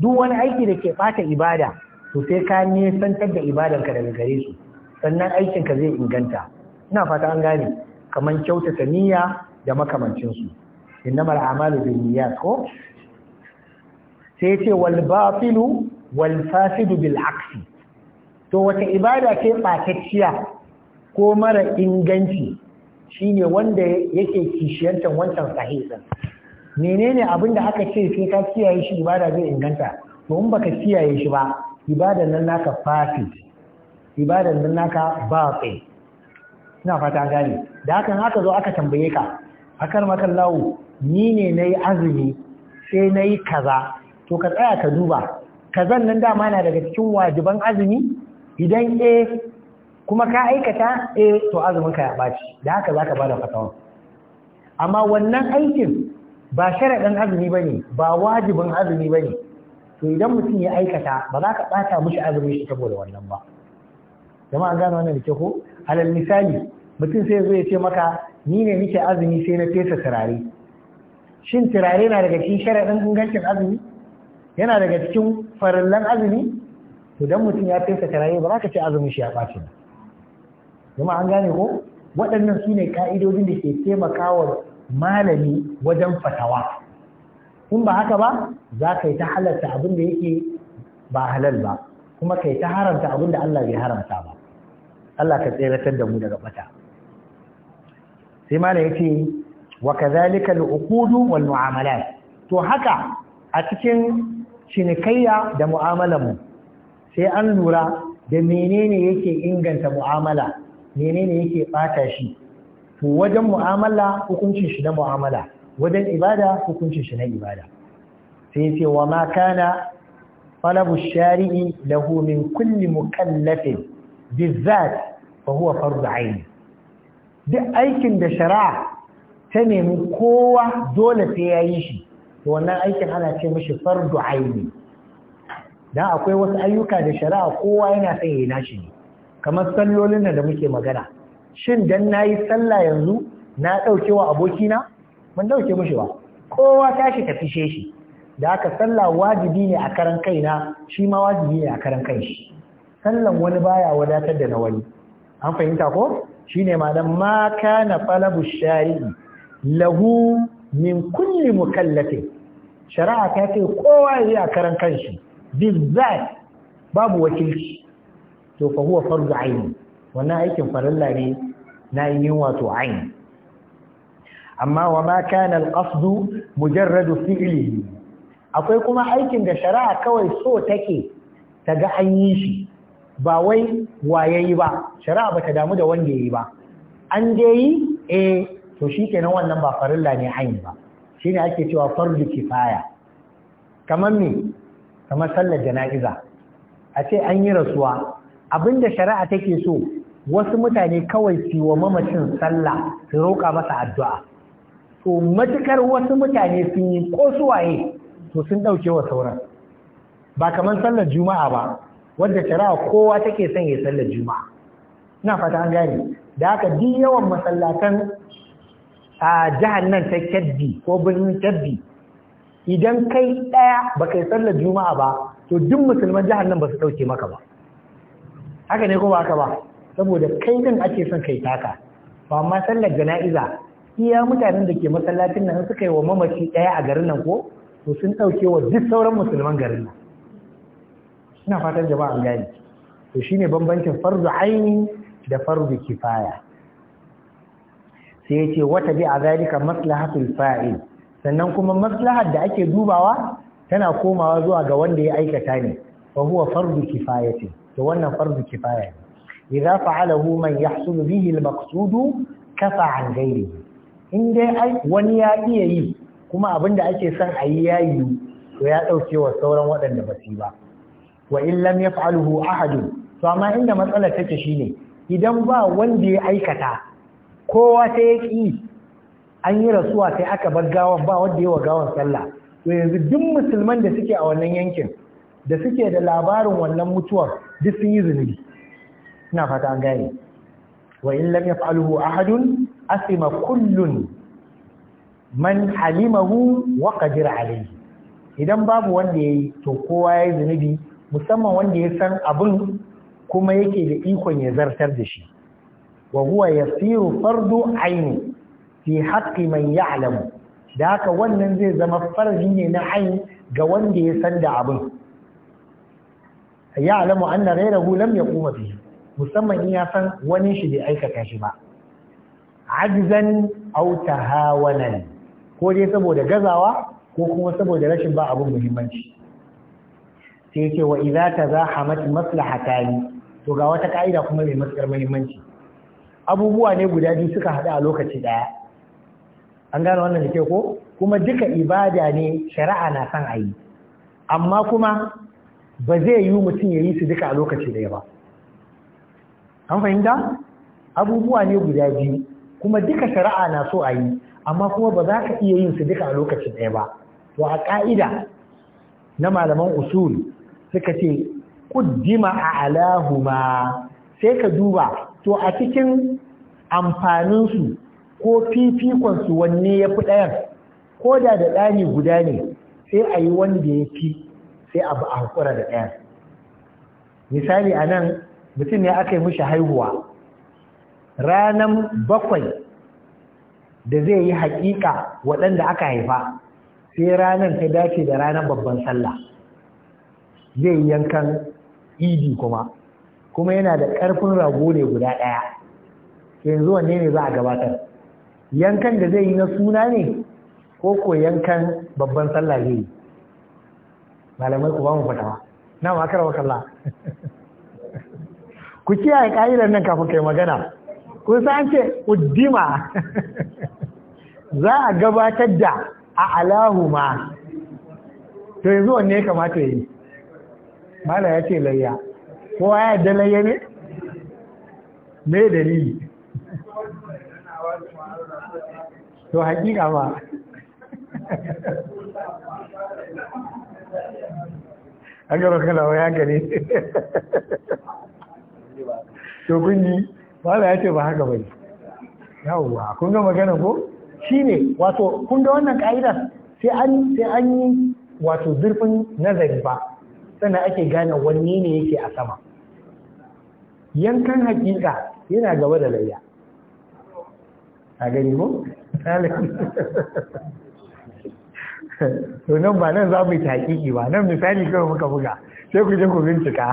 [SPEAKER 1] duk wani aiki da ke ɓata ibada to sai ka nesantar da ibadarka daga gare su sannan aikinka zai inganta ina fata an gane kamar kyautata niyya da makamancinsu innamal a'malu binniyat ko sai ce wal batilu wal fasidu bil aksi to wata ibada ce ɓatacciya ko mara inganci shine wanda yake kishiyarta wancan sahihin menene abin da aka ce sai ka kiyaye shi ibada zai inganta to in baka kiyaye shi ba ibadan naka fasid ibadan naka batil ina fata gane da hakan haka zo aka tambaye ka akan makan lawo ni ne na yi azumi sai na yi kaza to ka tsaya ka duba kazan nan dama na daga cikin wajiban azumi idan e kuma ka aikata e to azumin ka ya ɓaci, da haka za ka ba da fatawa amma wannan aikin ba sharaɗin azumi ba ne, ba wajibin azumi ba ne, to idan mutum ya aikata ba za ka bata mishi azumi shi saboda wannan ba jama'a gane wannan da ke ko alal misali mutum sai zo ya ce maka ni ne nike azumi sai na fesa turare shin turare na daga cikin sharaɗin ingancin azumi yana daga cikin farallan azumi to don mutum ya fesa turare ba za ka ce azumin shi ya ɓace ba kuma an gane ko waɗannan su ne ka'idodin da ke taimakawa malami wajen fatawa in ba haka ba za ka yi ta halarta abin da yake ba halal ba kuma ka yi ta haramta abin da Allah bai haramta ba Allah ka tseratar da mu daga bata sai malam ya wa kadhalika Ukudu uqud wal mu'amalat to haka a cikin cinikayya da mu'amalar mu sai an lura da menene yake inganta mu'amala menene yake bata shi to wajen mu'amala hukuncin shi na mu'amala wajen ibada hukuncin shi na ibada sai sai wa ma kana talabu shari'i lahu min kulli mukallafin bizat fa huwa fardu aini duk aikin da shari'a ta nemi kowa dole sai ya yi shi to wannan aikin ana ce mashi fardu aini dan akwai wasu ayyuka da shari'a kowa yana son yayi nashi ne kamar sallolin nan da muke magana shin dan nayi sallah yanzu na dauke wa abokina mun dauke mishi ba kowa tashi ta fishe shi da aka sallah wajibi ne a karan kaina shi ma wajibi ne a karan kai shi. sallan wani baya wadatar da na wani an fahimta ko shine malam ma kana falabu shari'i lahu min kulli mukallafin shari'a ta ce kowa ya karan kanshi bizzat babu wakilci to fa huwa farzu aini wannan aikin farilla ne na yin wato aini amma wa ma kana al-qasdu mujarradu fi'li akwai kuma aikin da shari'a kawai so take ta ga an yi shi ba wai waye yi ba shari'a bata damu da wanda yi ba an je yi eh to shi kenan wannan ba farilla ne ayin ba shi ne ake cewa fardu kifaya kamar me kamar sallar jana'iza a ce an yi rasuwa abinda shari'a take so wasu mutane kawai su wa mamacin sallah su roƙa masa addu'a to matukar wasu mutane sun yi ko suwaye to sun ɗauke wa sauran ba kamar sallar juma'a ba wadda shari'a kowa take son ya sallar juma'a ina fata an gane da haka duk yawan masallatan a jihar nan ta kyaddi ko birnin kyaddi idan kai ɗaya ba kai sallar juma'a ba to duk musulman jihar nan ba su ɗauke maka ba haka ne ko ba haka ba saboda kai din ake son kai taka ba amma sallar jana'iza iya mutanen da ke masallacin nan suka yi wa mamaci ɗaya a garin nan ko to sun ɗauke wa duk sauran musulman garin nan ina fatan jama'a an to shine bambancin farzu aini da farzu kifaya sai ce wata bi a zalika maslahatul fa'il sannan kuma maslahar da ake dubawa tana komawa zuwa ga wanda ya aikata ne fa huwa fardu kifayati to wannan fardu kifaya ne idza fa'alahu man yahsulu bihi al-maqsud kafa an ghairihi in dai wani ya iya yi kuma abinda ake son a yi yayi to ya dauke wa sauran waɗanda ba su ba wa in lam yaf'aluhu ahad to amma inda matsalar take shine idan ba wanda ya aikata kowa ta ya ƙi an yi rasuwa sai aka bar gawan ba wanda yi wa gawan sallah to yanzu duk musulman da suke a wannan yankin da suke da labarin wannan mutuwar duk sun yi zunubi ina fata an gane wa in lam yaf'aluhu ahadun asima kullun man halimahu wa qadira alayhi idan babu wanda yayi to kowa yayi zunubi musamman wanda ya san abun kuma yake da ikon ya zartar da shi wa huwa yasiru fardu aini fi haqqi man ya'lamu da haka wannan zai zama farzi ne na aini ga wanda ya san da abin ya'lamu anna ghayrahu lam yaquma bihi musamman in ya san wani shi bai aikata shi ba ajzan aw tahawanan ko dai saboda gazawa ko kuma saboda rashin ba abin muhimmanci sai yake wa idza tazahamat maslahatani to ga wata ka'ida kuma mai matsar muhimmanci abubuwa ne guda biyu suka haɗu a lokaci ɗaya an gane wannan da ke ko kuma duka ibada ne shari'a na son a yi amma kuma ba zai yi mutum ya yi su duka a lokaci ɗaya ba an fahimta abubuwa ne guda biyu kuma duka shari'a na so a yi amma kuma ba za ka iya yin su duka a lokaci ɗaya ba to a ƙa'ida na malaman usul suka ce kuddima a alahuma sai ka duba to a cikin amfaninsu ko fifikonsu wanne ya fi ɗayan ko da da ɗani guda ne sai a yi wanda ya fi sai ba a haƙura da ɗayan misali a nan mutum ne aka yi mishi haihuwa ranan bakwai da zai yi haƙiƙa waɗanda aka haifa sai ranan ta dace da ranar babban sallah zai yankan idi kuma kuma yana da ƙarfin rago ne guda ɗaya yanzu wanne ne za a gabatar yankan da zai yi na suna ne ko ko yankan babban sallah zai yi malamai ku ba mu fata na ma wa wakalla ku kiyaye ƙa'idar nan kafin kai magana kun san ce uddima za a gabatar da a alahuma to yanzu wanne ya kamata yi mala ya ce layya kowa ya yadda layya ne me dalili to hakika ba an gaba kalawa ya gane to kunji wala ya ce ba haka bane yawwa kun ga magana ko ne wato kun ga wannan ka'idar sai an sai an yi wato zurfin nazari ba sannan ake gane wanne ne yake a sama yankan hakika yana gaba da layya a gani ko? to nan ba nan za mu yi hakiki ba nan misali kawai muka buga sai ku je ku bincika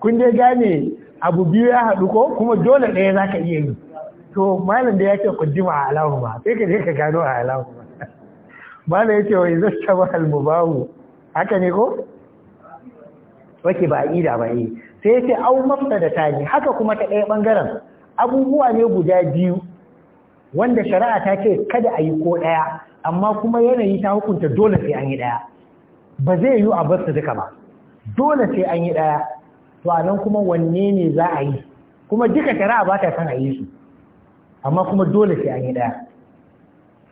[SPEAKER 1] kun je gane abu biyu ya haɗu ko kuma dole ɗaya zaka iya yi to malam da yake ce a alahu ba sai ka je ka gano a alahu mala ya ce wa iza shaba almubahu haka ne ko wake ba ida ba yi eh. sai ya ce au mafta da tani haka kuma ta ɗaya ɓangaren abubuwa ne guda biyu wanda shari'a ta ce kada a yi ko ɗaya amma kuma yanayi ta hukunta dole sai an yi ɗaya ba zai yi a bar duka ba dole sai an yi ɗaya to a nan kuma wanne ne za a yi kuma duka shari'a ba ta san a yi su amma kuma dole sai an yi ɗaya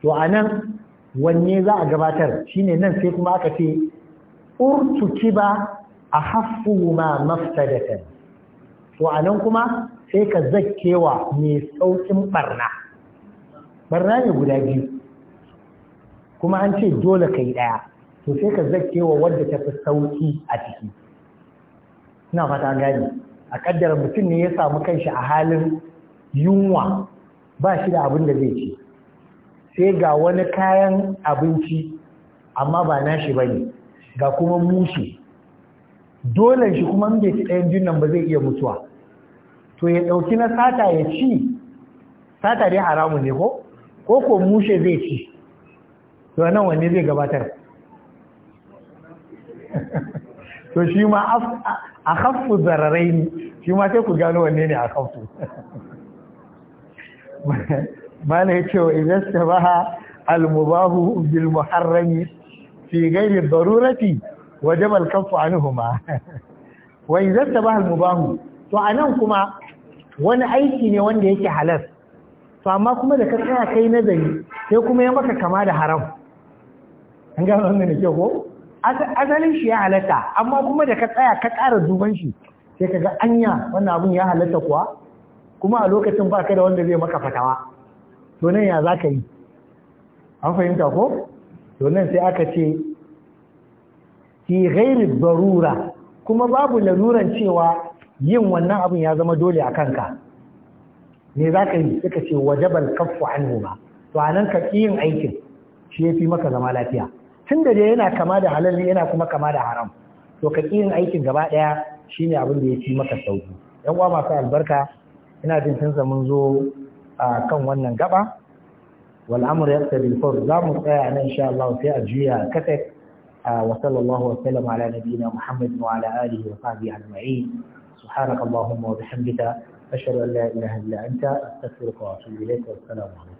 [SPEAKER 1] to a nan wanne za a gabatar shine nan sai kuma aka ce a ahaffu ma mafsadatan to anan kuma sai ka zakewa mai saukin barna barna ne guda biyu kuma an ce dole kai daya to sai ka zakewa wadda ta fi sauki a ciki ina fata gani a kaddara mutum ne ya samu kanshi a halin yunwa ba shi da abin da zai ci sai ga wani kayan abinci amma ba nashi ba ne ga kuma mushi dole shi kuma bai ci ɗayan jinnan ba zai iya mutuwa to ya ɗauki na sata ya ci sata dai haramun ne ko ko ko mushe zai ci to nan wanne zai gabatar <laughs> to shi ma a haffu zararai shi ma sai ku gano wanne ne a haffu <laughs> ya ce wa idza sabaha al mubahu bil muharrami fi gairi darurati wajaba al kaffu anhuma <laughs> wa idza sabaha al mubahu to anan kuma wani aiki ne wanda yake halal to amma kuma da ka tsaya kai nazari sai kuma ya maka kama da haram an gano wannan ne ke ko asalin shi ya halatta amma kuma da ka tsaya ka kara duban shi sai ka ga anya wannan abun ya halatta kuwa kuma a lokacin ba ka da wanda zai maka fatawa to nan ya za ka yi an fahimta ko to nan sai aka ce fi ghairi barura kuma babu laruran cewa yin wannan abin ya zama dole a kanka ne za ka yi suka ce wajabal kafu anhu ba to a nan ka yin aikin shi ya fi maka zama lafiya tun da dai yana kama da halal yana kuma kama da haram to ka yin aikin gaba ɗaya shi ne abin da ya fi maka sauki yan uwa masu albarka ina jin mun zo a kan wannan gaba wal'amur ya tsari za mu tsaya nan insha Allah sai a juya kasek wa sallallahu wa ala nabiyina Muhammad wa ala alihi wa sahbihi ajma'in subhanakallahumma wa bihamdika ashhadu an la ilaha illa anta astaghfiruka wa atubu ilayk wa assalamu alaikum